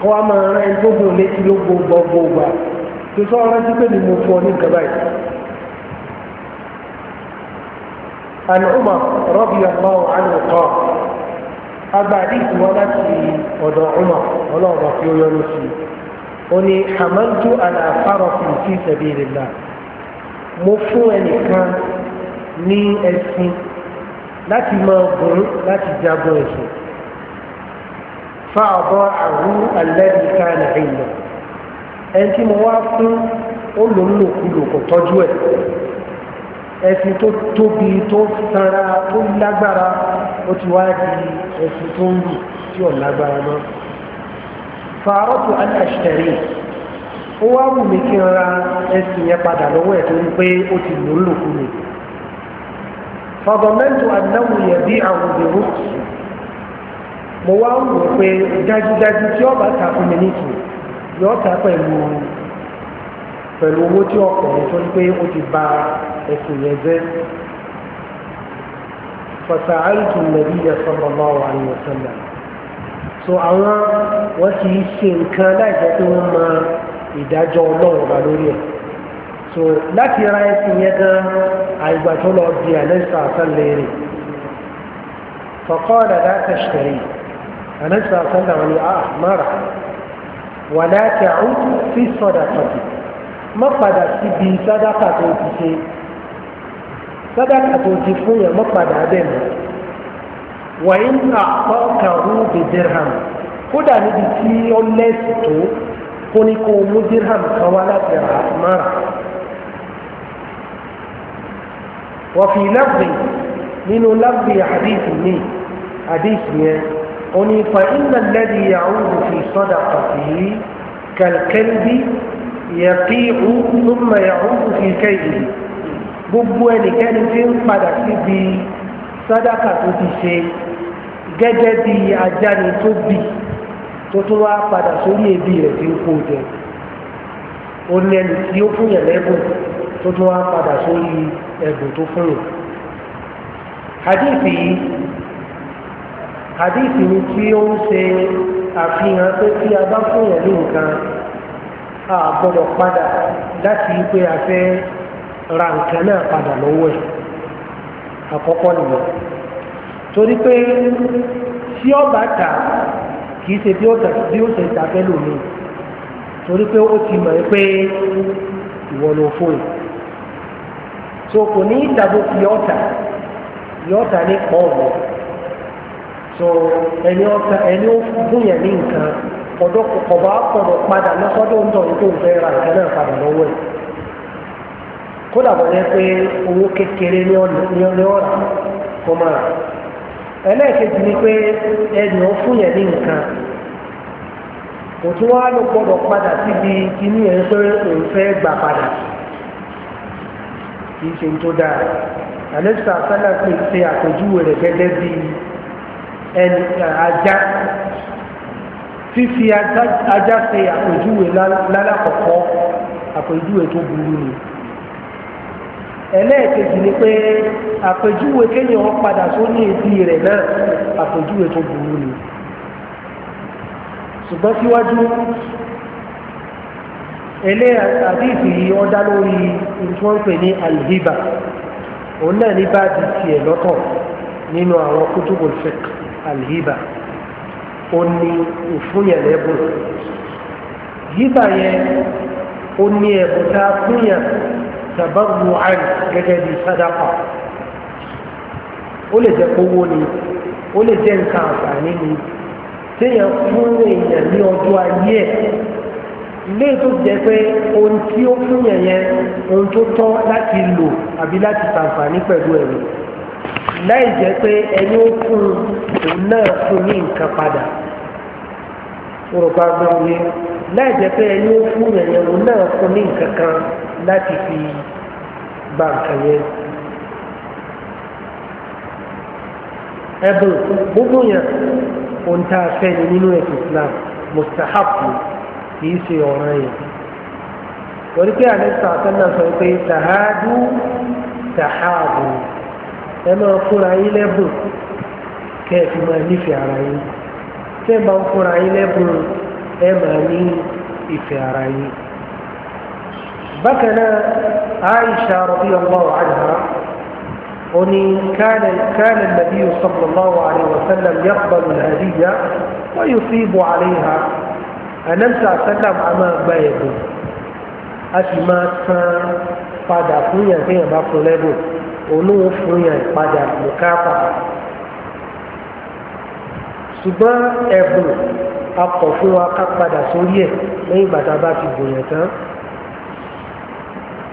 kọ́ wa máa rán ẹni tó létí ló ní nǹkan عن عمر رضي الله عنه قال أبعديك ولدي ودع عمر ولا رفيو ينسي أني حملت على فرس في سبيل الله مفواني كان ní ẹ̀sìn láti máa gùn láti jagun ẹ̀sìn fa ọ̀bọ àrú alẹ́bí káàlì ẹni tí mo wá fún kò tọ́jú ẹ̀sìn tó tóbi tó sanra tó lágbára ó ti wá di ẹ̀sìn tó ń lù tí ò lágbára mọ́. fàárọ̀tù aláṣẹ̀rẹ̀ ó wá wù mí kí n ra ẹ̀sìn yẹn padà lọ́wọ́ ẹ̀ torí pé ó ti lò ń lòkú mi. fọgọmẹ́ntù anáwó bí àwọn òbí mo wá ń pé dájúdájú tí ọba ta fún mi nìkan yọ ta pẹ̀lú pẹ̀lú owó tí ọkùnrin tó ní pé ó ti ba ẹ̀sìn yẹn jẹ́ fọ̀tà àìtù nàbí sallallahu alaihi wasallam so àwọn wọ́n ti ṣe nǹkan láìpẹ́ pé wọ́n mọ ìdájọ́ ọlọ́run ọba lórí ẹ̀ so láti ra ẹ̀sìn yẹn gan àìgbà tó lọ di àlẹ́sà àtàlẹ́ rẹ̀ فقال لا تشتري أنا سأقول له آه مرة ولا تعود في صدقتك má padà síbi sádàkà tó ti ṣe sádàkà tó ti fún yẹn má padà bẹ́ẹ̀ mọ́ wàyí nà ọkàrú bìdírhàm kódà níbi tí ó lẹ́sì tó kó ní kó mú dírhàm kan wá láti rà mára. وفي لفظ من لفظ حديث منه حديث منه أني فإن الذي يعود في صدقته كالكلب يقيع ثم يعود في كيده gbogbo ẹnikẹ́ni tí ń padà síbi sádàkà tó ti ṣe gẹ́gẹ́ bí ajáni tó bì tó tún wá padà sórí ebi rẹ̀ tí ń kó jẹ ó ní ẹni tí ó fún yẹn lẹ́bùn tó tún wá padà sórí ẹ̀bùn tó fún yẹn. hadithi yìí hadithi ni tí ó ń ṣe àfihàn pé tí a bá fún yẹn ní nǹkan a gbọ́dọ̀ padà láti pé a fẹ́ ra nǹkan náà padà lọ́wọ́ ẹ̀ àkọ́kọ́ nìyẹn torí pé tí ọba tà kì í ṣe bí ó ṣe tà fẹ́ lómi torí pé ó ti mọ̀ pé ìwọ ló fún un so kò ní ìdàgbò fi ọ̀tà yọ̀ọ̀tà ní pọ̀ ọ̀mọ́ so ẹni ó fún yẹn ní nǹkan kọ̀dọ̀ kọ̀bá kọ̀dọ̀ padà lọ́sọ́dọ̀ ń tọ̀ nítorí òun ra nǹkan náà padà lọ́wọ́ ẹ̀ kódà bọ̀ pé owó kékeré ní ọ̀rà kó máa rà ni pé ẹnì ó fún ní nǹkan kò tún wá ló gbọ́dọ̀ padà síbi kíní yẹn pé òun fẹ́ gbà kì í ṣe tó dáa àlẹ́sà sálà pé àpèjúwe rẹ̀ gẹ́gẹ́ bí ẹni ajá fífi ajá ṣe àpèjúwe lálàkọ̀kọ́ àpèjúwe tó burú ni ẹlẹ́ẹ̀kejì ni pé àpèjúwe kéèyàn padà sóní ìdí rẹ̀ náà àpèjúwe tó burú ni ṣùgbọ́n síwájú ẹlẹ́ àdíìsì yìí wọ́n dá lórí ìtúwọ́npẹ̀ ní alhiba òun náà ní bá di tiẹ̀ lọ́tọ̀ nínú àwọn kútùbù fiqh alhiba ó ní ìfúnyàn lẹ́bùn yígbà yẹn ó ní ẹ̀bùn tá a fúnyàn tàbáwò àrì gẹ́gẹ́ bí sádàpà ó lè jẹ́ kówó ni ó lè jẹ́ nǹkan àǹfààní ni téèyàn fún èèyàn ní ọjọ́ ayé ẹ̀ ilé tó jẹ́ pé ohun tí ó fúnyàn yẹn ohun tó tọ́ láti lò àbí láti ṣàǹfààní pẹ̀lú ẹ̀rọ láì jẹ́ pé ẹni ó fún òun náà fún ní nǹkan padà orúkọ agbẹ́wé láì jẹ́ pé ẹni ó fún ẹ̀yẹ̀ òun náà fún ní nǹkan kan láti fi gba nǹkan yẹn. ẹ̀bùn gbogbo yẹn ohun tá a fẹ́ ni nínú ẹ̀sìn Islam mustahab kì í ṣe ọ̀ràn yẹn torí pé àlẹ́ sàtẹ́lẹ̀ sọ pé tàhádù tàhádù ẹ máa fúnra yín lẹ́bùn kẹ́ ẹ fi máa nífẹ̀ẹ́ ara yín tẹ́ ẹ máa fúnra yín lẹ́bùn ẹ máa ní ìfẹ́ ara yín. بكنا عائشة رضي الله عنها أني كان كان النبي صلى الله عليه وسلم يقبل الهدية ويصيب عليها أنمسى سلم أما بيده أتما فدا فيا فيا بقلبه olóhùn fún yàn ìpadà bùkátà ṣùgbọ́n ẹ̀bùn akọ̀ fún wa ká padà sórí ẹ̀ lẹ́yìn ìgbà tá a bá ti gbòyàn tán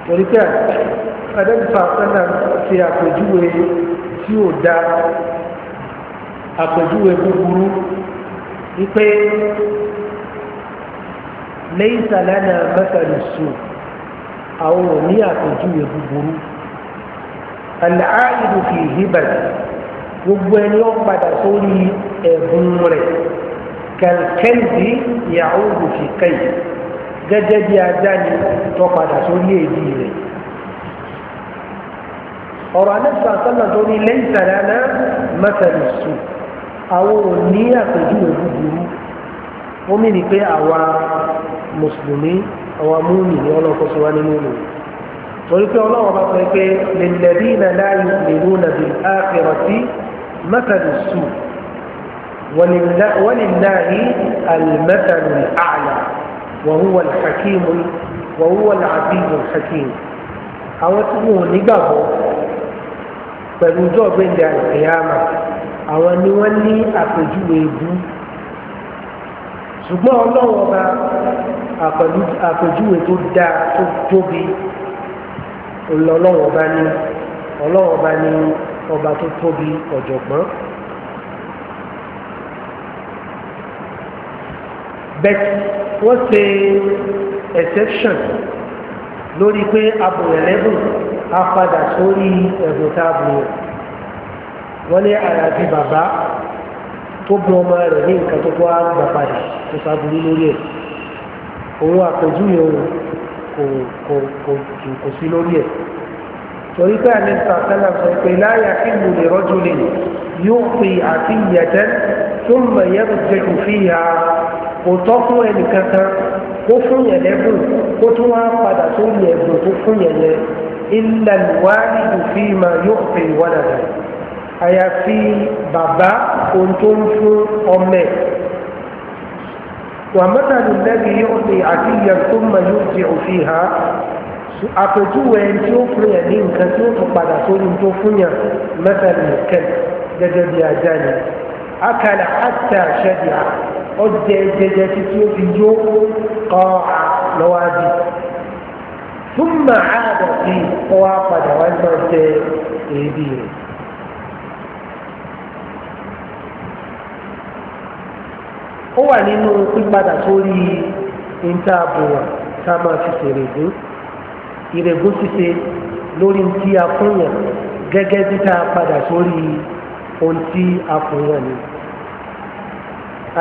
torí pé adébífà sẹ́nà ṣe àpèjúwe tí ò da àpèjúwe búburú wípé lẹ́yìn sàlẹ̀ náà mẹ́fẹ̀ẹ́ lè sùn àwọn ò ní àpèjúwe búburú. العائد في hibati gbogbo ẹni ó padà sórí ẹ̀bùn rẹ̀ kẹlkẹ́ndì yàhùdù fi kẹ́yì gẹ́gẹ́ bí ajá ni tó padà sórí èdè rẹ̀ ọ̀rọ̀ anẹ́sà sọ́nà tó ní lẹ́yìn sàrànà mẹ́tàlì sùn àwọn ò ní àpèjúwe búburú ó mì pé àwa mùsùlùmí àwa múmi ní ọlọ́kọ̀ọ́sọ wa nínú ìlú torí pé ọlọ́wọ́ bá sọ pé lèlẹ́bí iná láàyè lèlú nàbí àkẹrọ̀tì mẹ́tàlù sù wàlìláhi àlùmẹ́tàlù àlà wàhúwà làkàkíìmù wàhúwà làbíyù làkàkíìmù. àwọn tí wọn ò nígbàgbọ́ pẹ̀lú ojú ọ̀gbẹ́ndẹ̀ àìsèyàmà àwọn ni wọ́n ní àpèjúwe ìbú ṣùgbọ́n ọlọ́wọ́ bá àpèjúwe tó dáa tó tóbi ọlọ́run ọba ní ọlọ́run ọba ní ọba tó tóbi ọ̀jọ̀gbọ́n. bẹ́ẹ̀ wọ́n ṣe exception lórí pé abòyẹ̀lẹ́bùn á padà sórí ẹ̀bùn tá a bù yẹn wọ́n ní àyàfi bàbá tó bu ọmọ rẹ̀ ní nǹkan tó kọ́ àgbà tó sábúrú lórí ẹ̀ òun àpèjúwe òun kò sí lórí ẹ̀ torí pé àmì sàtẹ́lá sọ pé láyà kí mo lè rọ́jú lè yóò fi àti ìyẹ̀tẹ́ tó mọ̀ yẹ́ kò jẹ́ kò fi ha kò tọ́ fún ẹnì kankan kó fún yẹn lẹ́bùn kó tún wá padà sórí ẹ̀bùn tó fún yẹn lẹ́ ilẹ̀ wáyé kò fi mà yóò fi wọ́n dàda àyàfi bàbá ohun tó ń fún ọmọ ẹ̀. ومثل الذي يعطي عتيه ثم يرجع فيها أفجوا أن تشوفوا يدين يعني كتوف بعد كل تشوفون مثل الكلب جدد يا جاني أكل حتى شجع أجد جدد تشوف جو قاع نوادي ثم عاد في قوافل وانت تيدين ó wà nínú pípadà sórí ìntàbùwà tá a máa fi ṣèrègùn ìrègùn ṣíṣe lórí ti a fún yàn gẹ́gẹ́ bí tá a padà sórí ohun tí a fún yàn ni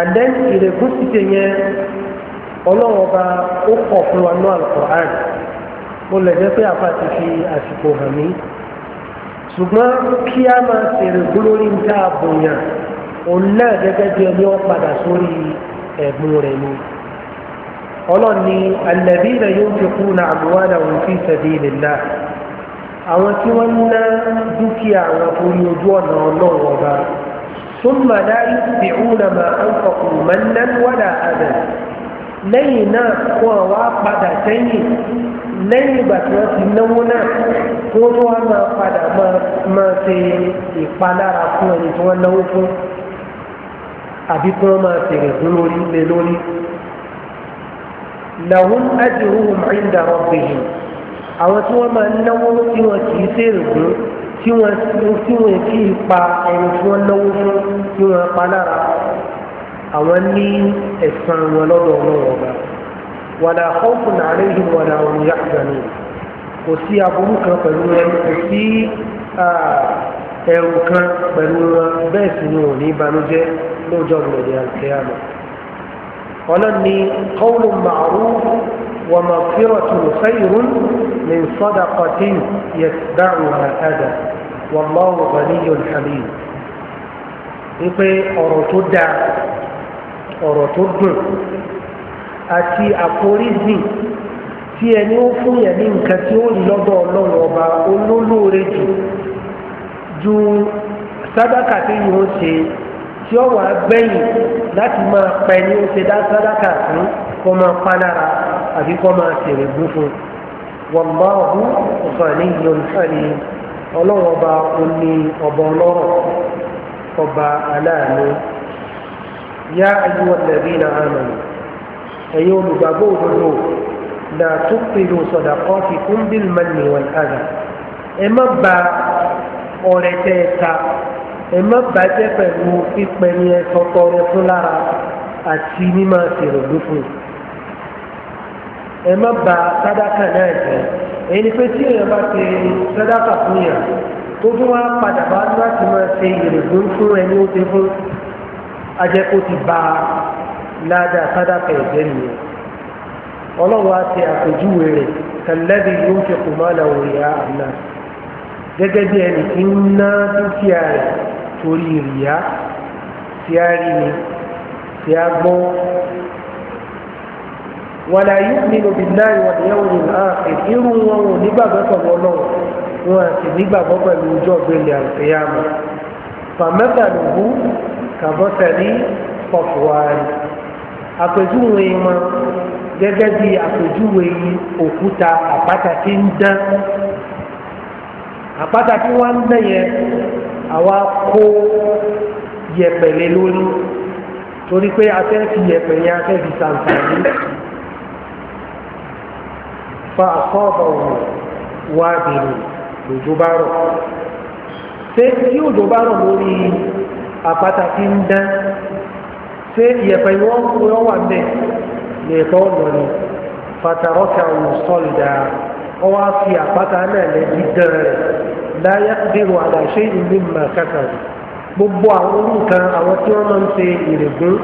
and then ṣíṣe yẹn ọlọ́run ọba ó kọ̀ fún wa ní alukur'an mo lè jẹ́ pé àfa ti fi àsìkò hàn mí ṣùgbọ́n kí a máa ṣèrègùn lórí ìntàbùwà òun náà gẹ́gẹ́ bí ẹni ó padà sórí ẹ̀gbọ́n rẹ̀ ni ọlọ́run ni alladhina yunfiquna amwalahum fi sabilillah àwọn tí wọ́n ń ná dúkìá àwọn orí ojú ọ̀nà ọlọ́run ọba thumma la yutbi'una ma anfaqu mannan wala ada lẹ́yìn náà wọ́n wá padà sẹ́yìn lẹ́yìn ìgbà tí wọ́n ti náwó náà wọ́n máa padà máa ṣe ìpalára fún ẹni tí wọ́n náwó fún àbí kí wọ́n máa tèrè fún lórí lé lórí. làwọn ajruhum inda rabbihim àwọn tí wọ́n máa náwó tí wọ́n kì í tèrè fún tí wọ́n tí wọ́n kì í pa ẹni tí wọ́n náwó fún tí wọ́n pa lára àwọn ní ẹ̀san wọn lọ́dọ̀ ọlọ́wọ́ ọba wala khawfun alayhim wala hum yahzanun kò sí aburú kan pẹ̀lú wọn kò sí ah, ẹrù kan pẹ̀lú wọn bẹ́ẹ̀ sì ni òní ìbànújẹ́ lọ́jọ́ gbọ̀dẹ̀ àkẹ́yàmọ̀ ọlọ́run ni kọ́wùlù màrú wà má fírọ̀ tó sẹ́yìnrú ní sọ́dàkọ̀ tí yẹ dáhùn àtàdà wà lọ́wọ́ ghaniyun hamid wípé ọ̀rọ̀ tó dáa ọ̀rọ̀ tó dùn àti àforíjì tí ẹni ó fún yẹn ní nǹkan tí ó lọ́dọ̀ ọlọ́run ọba olólóore jù ju sádàkà tí yìí ó ṣe tí ó wà gbẹ̀yìn láti máa pẹ́ ní ó ṣe dá sádàkà fún kó máa pa lára àbí kó máa ṣèrè gún fún wallahu ghaniyyun halim ọlọ́run ọba oní ọba ọlọ́rọ̀ ọba aláàánú yá ayyuhal ladhina amanu ẹ̀yin olùgbàgbọ́ òdodo la tubtilu sadaqatikum bil manni wal adha ẹ má ba ọrẹ tẹ ẹ ta ẹ má bàjẹ́ pẹ̀lú pípẹ́ ní ẹ sọ́tọ́ rẹ fún lára àti mímọ́ àtẹ̀rẹ̀ gbófin ẹ má ba sádàkà náà jẹ́ ẹni pé tí èèyàn bá ti sádàkà fún yàn tó tún wá padà bá láti máa ṣe ìrègbè fún ẹni ó ti fún ajẹ́kó ti ba ládàá sádàkà ẹ̀jẹ̀ nìyẹn ọlọ́run á ti àpèjúwe rẹ̀ kàlẹ́bí yóò fi kùmọ́ àlàwòrán àná gẹ́gẹ́ bí ẹni tí ń ná dúkìá rẹ̀ torí ìrìyá tí a rí ni tí a gbọ́ wàlá yu'minu billahi wal yawmil akhir irú wọn ò nígbàgbọ́ pẹ̀lú ọlọ́run wọn àti nígbàgbọ́ pẹ̀lú ojú ọ̀gbẹ́lẹ̀ àlùkìyàmù fàmẹ́tàlùbù kàbọ́sẹ̀lì pọ̀fùwárì àpèjúwe wọn gẹ́gẹ́ bí àpèjúwe òkúta àpáta tí ń dán àpáta tí wọ́n ń dẹ̀ yẹn àwa kó yẹ̀pẹ̀ lé lórí torí pé a fẹ́ fi yẹ̀pẹ̀ yẹn a fẹ́ fi sàǹfààní fa àkọ́ọ̀bà òun wá bèrè lòjò bá rọ̀ ṣé tí òjò bá rọ̀ lórí àpáta tí ń dán ṣé yẹ̀pẹ̀ yẹn wọ́n wà bẹ́ẹ̀ lè tọ́ lọ́ni fatarọ́kà òun sọ̀lìdà ọwọ́ á fi àpáta náà lẹ́bí dán rẹ̀. لا يقدر على شيء مما كسب gbogbo àwọn nǹkan àwọn tí wọ́n máa ń ṣe ìrègùn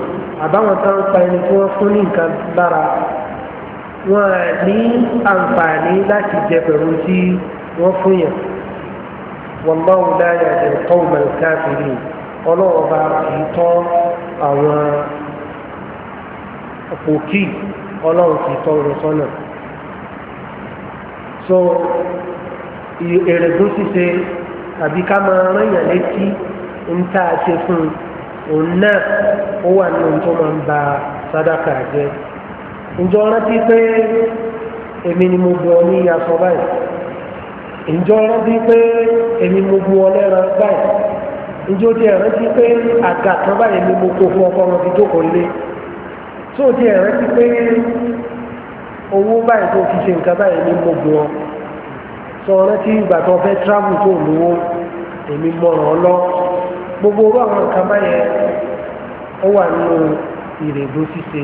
àbáwọn tá ń pa ẹni tí wọ́n fún ní nǹkan lára wọn ní àǹfààní láti jẹ pẹ̀lú tí wọ́n fún yẹn wallahu la yahdil qawmal kafirin ọlọ́wọ́ bá kì í àwọn òkì ọlọ́run kì í tọ́ ọ̀rọ̀ èrègùn ṣíṣe àbí ká máa rán yàn létí ń tá a ṣe fún un òun náà ó wà nínú tó máa ń ba sádàkà jẹ́ ǹjọ́ rántí pé èmi ni mo bọ ní aṣọ báyìí ǹjọ́ rántí pé èmi mo bu ọlẹ́ran báyìí ǹjọ́ tí rántí pé àga kan báyìí ni mo kó fún ọkọ wọn fi jókòó lé tó tí ẹ̀ rántí pé owó báyìí tó fi ṣe nǹkan báyìí ni mo bu ọ. sọ rántí ìgbà tó fẹ́ travel tó lówó èmi mọ̀ràn ọ lọ gbogbo owó àwọn nǹkan báyẹn ó wà nínú ìrègbó ṣíṣe.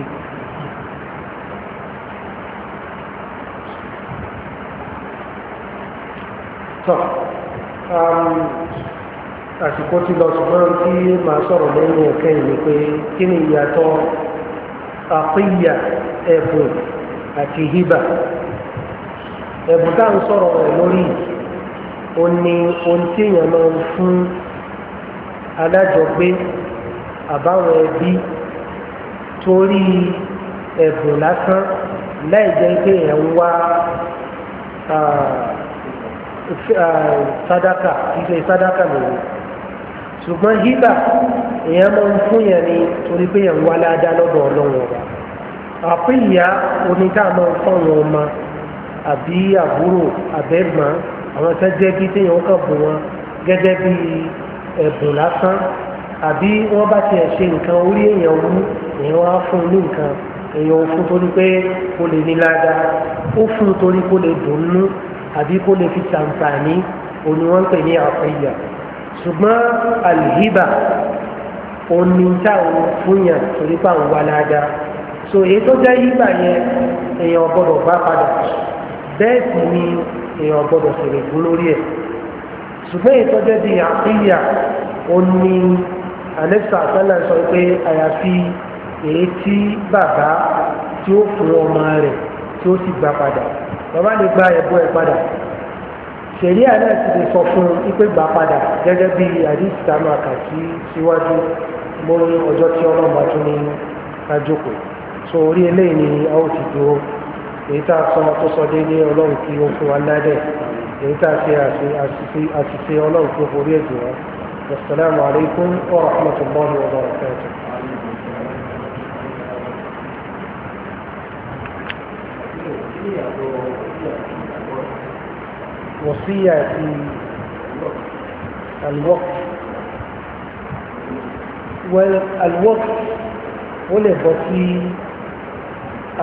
Um, àsìkò ti lọ ṣùgbọ́n tí màá sọ̀rọ̀ lẹ́yìn yìí ni pé kí ni ìyàtọ̀ àpéyà ẹ̀bùn tá à ń sọ̀rọ̀ rẹ̀ lórí o ní ohun tí èèyàn máa ń fún alájọgbé àbáwọn ẹbí torí ẹ̀bùn lásán láì jẹ́ pé èèyàn ń wá sadaka ìfẹ́ sadaka lòun ṣùgbọ́n hibà èèyàn máa ń fún yẹn ni torí pé èèyàn ń wá ládàá lọ́dọ̀ ọlọ́run ọba àpéyà oníkàmọ́ fọ́ọ̀rùn ọmọ àbí àbúrò àbẹ́gbọ́n àwọn tó jẹ́ bí téèyàn kàn bù wọn gẹ́gẹ́ bí ẹ̀bùn lásán àbí wọ́n bá tiẹ̀ ṣe nǹkan orí èèyàn wú èèyàn wá fún un ní nǹkan èèyàn ò fún torí pé kò lè ní ládàá ó fún torí kò lè dùn nú àbí kò lè fi ṣàǹfààní òní wọ́n ń pè ní àfẹ́yà ṣùgbọ́n àlìhíbà òní táwọn fúnyàn torí pé àwọn wà ládàá so èyí tó jẹ́ yíbà yẹn èèyàn gbọ́dọ̀ bá padà bẹ́ẹ̀ sì ni èèyàn gbọ́dọ̀ sọ̀rọ̀ ìfún lórí ẹ̀ ṣùgbọ́n ìtọ́jẹ́ di àkíyà ó ní anẹ́sà sálà sọ pé àyàfi èyí tí bàbá tí ó fún ọmọ rẹ̀ tí ó sì gbà padà bàbá lè gba ẹ̀bùn ẹ̀ padà ṣèlú àná ti lè sọ fún un pé gbà padà gẹ́gẹ́ bí àdìsítà máa kà sí síwájú mo ní ọjọ́ tí ka tún so orí eléyìí ni a ó ti èyí tá a sọ tó sọ déédéé ọlọ́run kí ó fún wa ládẹ̀ èyí tá a ṣe àṣìṣe ọlọ́run kí ó forí ẹ̀jẹ̀ wa wasalaamu alaykum wa rahmatulahi wa barakatuh. وصية الوقت والوقت ولبطيء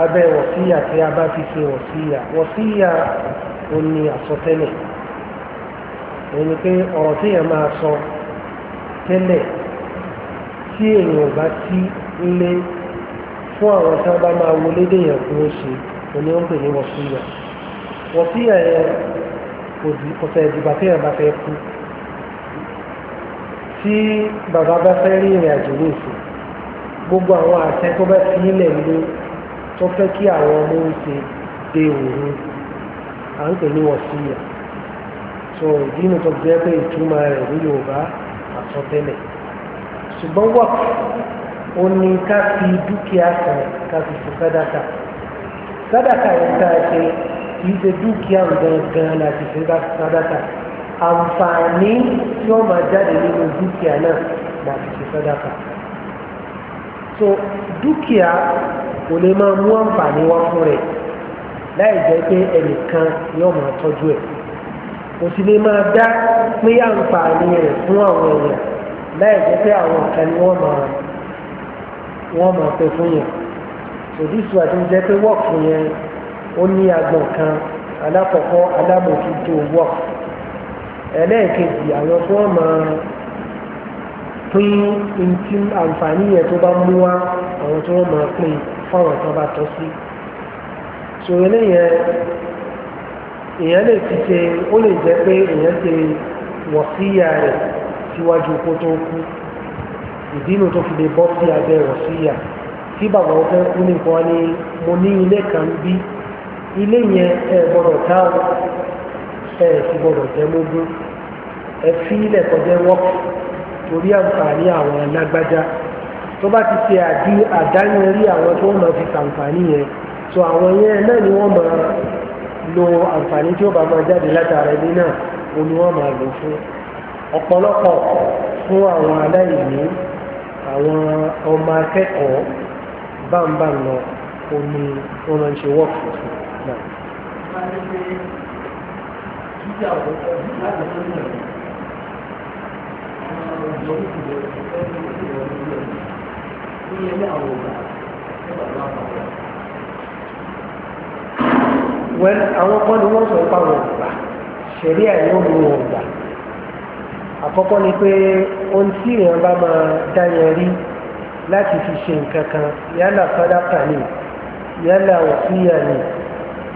abẹ́ wọ̀síyà tí a bá fi ṣe wọ̀síyà wọ̀síyà ò ní àsọtẹ́lẹ̀ ni pé ọ̀rọ̀ tí èèyàn máa sọ tẹ́lẹ̀ tí èèyàn bá ti lé fún àwọn tí wọ́n bá máa wọlé déèyàn kí wọ́n ṣe òun ni wọ́n pè ní wọ̀síyà wọ̀síyà yẹn kò tẹ̀ ìdìbà tí èèyàn bá fẹ́ kú tí bàbá bá fẹ́ rí gbogbo àwọn àṣẹ tó bá fi ilẹ̀ tó fẹ́ kí àwọn ọmọ ń ṣe dé òun à ń pè ní wọ̀síyà so ìdínú tó jẹ́ pé ìtumọ̀ rẹ̀ ní yorùbá àsọtẹ́lẹ̀ ṣùgbọ́n wọ́p ó ní ká fi dúkìá kan ká fi ṣe sádàkà sádàkà yẹn tá a ṣe kì í ṣe dúkìá gangan láti ṣe sádàkà àǹfààní tí wọ́n máa jáde nínú dúkìá náà láti ṣe sádàkà so dúkìá kò lè máa mú àǹfààní wá fún rẹ̀ láì jẹ́ pé ẹnìkan yóò máa tọ́jú ẹ̀ kò sì lè máa dá pín àǹfààní rẹ̀ fún àwọn èèyàn láì jẹ́ pé àwọn kan ni wọ́n máa wọ́n máa pẹ́ fún yẹn òdìsú àti jẹ́ pé wọ́ọ̀kì yẹn ó ní agbọ̀n kan alákọ̀ọ́kọ́ alábòójútó wọ́ọ̀kì ẹlẹ́ẹ̀kejì àwọn tí wọ́n máa pín ntí àǹfààní yẹn tó bá mú wá àwọn tí wọ́n máa pín fọ̀rọ̀ tó bá tọ́ sí ṣòro lẹ́yìn èèyàn lè ti ṣe ó lè jẹ́ pé èèyàn ṣe wọ̀síyà rẹ̀ síwájú kó tó kú ìdínú tó fi lè bọ́ sí abẹ́ wọ̀síyà tí bàbá wọn fẹ́ kú nìkan ni mo ní ilé kan bí ilé yẹn ẹ gbọ́dọ̀ tá ẹ sì gbọ́dọ̀ jẹ́ mógún ẹ fi ilẹ̀ kọjá wọ́pù torí àǹfààní àwọn alágbájá tó bá ti ṣe àdí àdáyanrí àwọn tó ń lọ fi ṣàǹfààní yẹn so àwọn yẹn náà ni wọ́n máa lo àǹfààní tí ó bá máa jáde látara ẹni náà ó ní wọ́n máa lò fún ọ̀pọ̀lọpọ̀ fún àwọn aláìní àwọn ọmọ akẹ́kọ̀ọ́ bámbá lọ ó ní máa ń ṣe wọ́ọ̀kì fún náà. Thank you ní ilé àwọn ọ̀gá nígbà tó wà pàpọ̀. wẹ́n àwọn kan ni wọ́n sọ nípa àwọn ọ̀gá ṣẹ̀rí àìyàn mú wọn gbà àkọ́kọ́ ni pé ohun tí èèyàn bá máa dá yẹn rí láti fi ṣe nǹkan kan yálà fádákà ni yálà òfìyà ni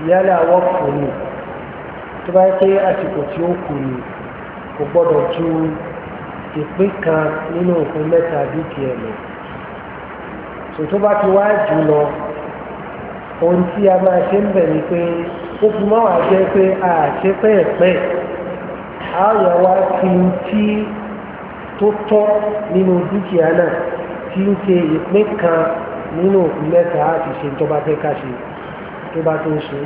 yálà wọ́pù ni tó bá pé àsìkò tí ó kù ni kò gbọ́dọ̀ ju ìpín kan nínú òfin mẹ́ta dúkìá lọ tòtò bá ti wá jù lọ ohun tí a máa ṣe ń bẹ̀ ni pé ó fi mọ́ wàá jẹ́ pé a ṣe pẹ́ẹ̀pẹ́ a yà wá kí n tí tó tọ́ nínú dúkìá náà tí ń ṣe ìpín kan nínú òfin mẹ́ta àti ṣe tó bá fẹ́ ká ṣe tó bá tó ń ṣe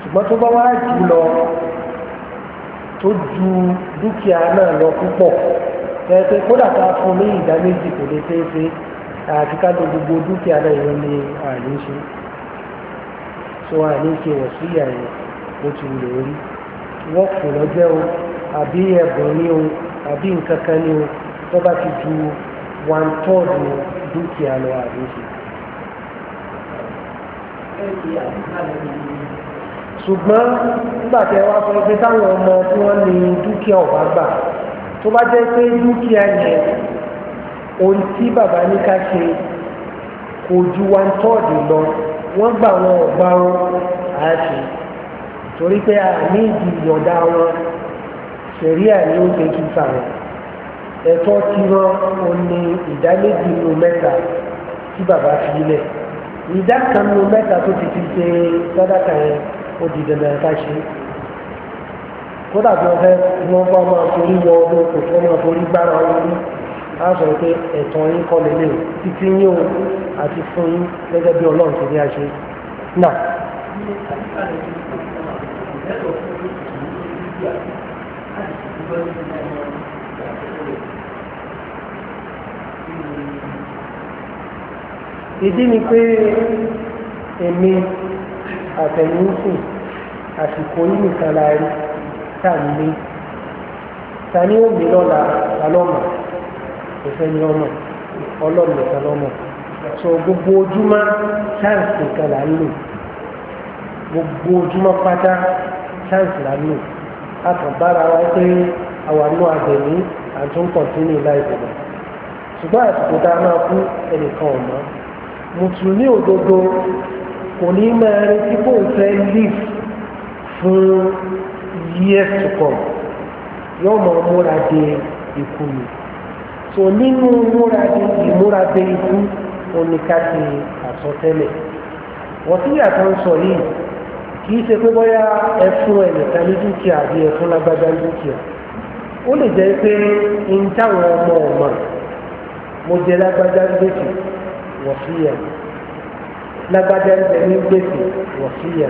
ṣùgbọ́n tó bá wá jù lọ tó ju dúkìá náà lọ púpọ̀ tẹ́tẹ́ tá a fún ní ìdá méjì kò lè ṣeé ṣe àti gbogbo dúkìá náà ní so àní ṣe wọ̀ sí àyẹ̀ bó ti wù lórí wọ́pù lọ́jọ́ o àbí ẹ̀bùn ní o àbí nǹkan kan ní o tó bá ti ju one third dúkìá lọ àní ṣùgbọ́n nígbà tí ẹ wá sọ pé táwọn ohun tí bàbá ní ká ṣe kò ju one third lọ wọ́n gbà wọn ọ̀gbà wọn á ṣe torí pé a ní ìdí ìyọ̀dá wọn ṣẹ̀ríà ni ó ṣe kíkà wọn ẹ̀tọ́ tí wọn ò ní ìdálẹ́jì nínú mẹ́ta tí bàbá fi lẹ̀ ìdá kan nínú mẹ́ta tó ti fi ṣe sádàkà yẹn ó di dandan ká ṣe kódà bí wọ́n fẹ́ wọ́n bá máa forí wọ ọdún kò fẹ́ máa forí gbára wọn ní a sọ pé ẹ̀tọ́ yín kọ́ lélẹ̀ títí yín o àti fún yín gẹ́gẹ́ bí ọlọ́run ti ní àṣẹ náà. ìdí ni pé èmi àtẹ̀yìnsìn àsìkò yìí nìkan la rí tá a ní ta ni ó gbé lọ́la lọ́mọ kò sẹ́ni ọmọ ọlọ́run nìkan lọ́mọ so gbogbo ojúmọ́ chance nìkan là ń lò gbogbo ojúmọ́ pátá chance là ń lò a kàn bára wa pé àwa náà àgbẹ̀mí àtún kọ̀tínú láìpẹ́ lọ ṣùgbọ́n àsìkò tá a máa kú ẹnìkan ọ̀mọ́ mùsùlùmí òdodo kò ní máa retí kó o fẹ́ live fún years to come yóò máa múra de ikú so nínú múradé ìmúradé ikú oníkàtí àsọtẹ́lẹ̀ wọ́n ti yàtọ̀ ń sọ yìí kì í ṣe pé bóyá ẹfún ẹnìkan ní dúkìá àbí ẹfún lágbájá ní dúkìá ó lè jẹ́ pé ń táwọn ọmọ ọ̀mà mo jẹ lágbájá ní gbèsè wọ́n fi yà lágbájá ń bẹ ní gbèsè wọ́n fi yà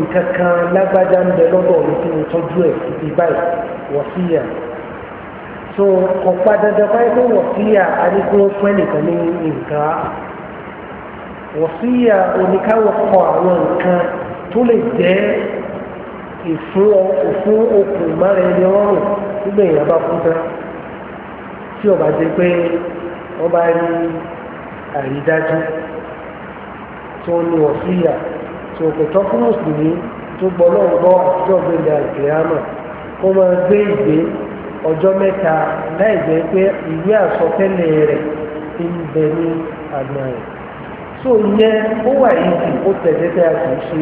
nǹkan kan lágbájá ń bẹ lọ́dọ̀ mi tí mo tọ́jú ẹ̀ síbi báyìí wọ́n fi yà. so kò dandan báyìí pé wọ̀síyà adigun fún ẹnìkan ní nǹkan wọ̀síyà oníkàwọ̀ kọ àwọn nǹkan tó lè jẹ́ ìfún òfún okùn mára ẹni ọrùn nígbà èèyàn bá kú tán tí ó bá pé wọ́n bá rí àrídájú tó ní wọ̀síyà tó kò tọ́ fún mùsùlùmí tó gbọ́ lọ́wọ́ àtijọ́ gbẹ̀dẹ̀ kó ọjọ́ mẹ́ta láì jẹ́ pé ìwé àsọtẹ́lẹ̀ rẹ̀ ti ń so ìyẹn ó wà yìí ó tẹ̀lẹ́tẹ̀ àti ṣe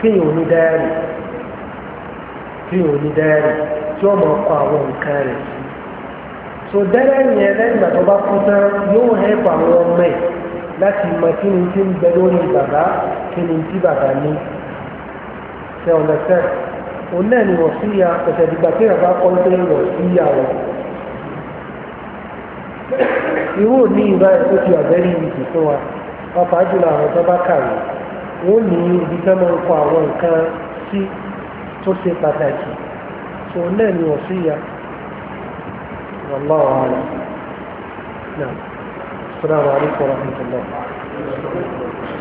kéèyàn ní dáárì kéèyàn ní dáárì tí wọ́n máa kọ àwọn nǹkan rẹ̀ sí so dáárì yẹn lẹ́yìn ìgbà tó bá kú tán yóò hẹ́pù àwọn ọmọ ẹ̀ láti mọ kí ni ti ń bẹ lórí ti bàbá ní òun náà ni wọ̀síyà ọ̀sẹ̀ ìdìgbà tí ìràbá kọ́ pé wọ̀síyà rẹ̀ irú òní ìbá ẹ̀kọ́ ti àbẹ́rí wa ọkọ̀ àjùlọ àwọn tó bá kàwé wọ́n ibi tó máa ń kọ àwọn nǹkan si tó ṣe pàtàkì tó ni wọ̀síyà والله أعلم na السلام عليكم ورحمة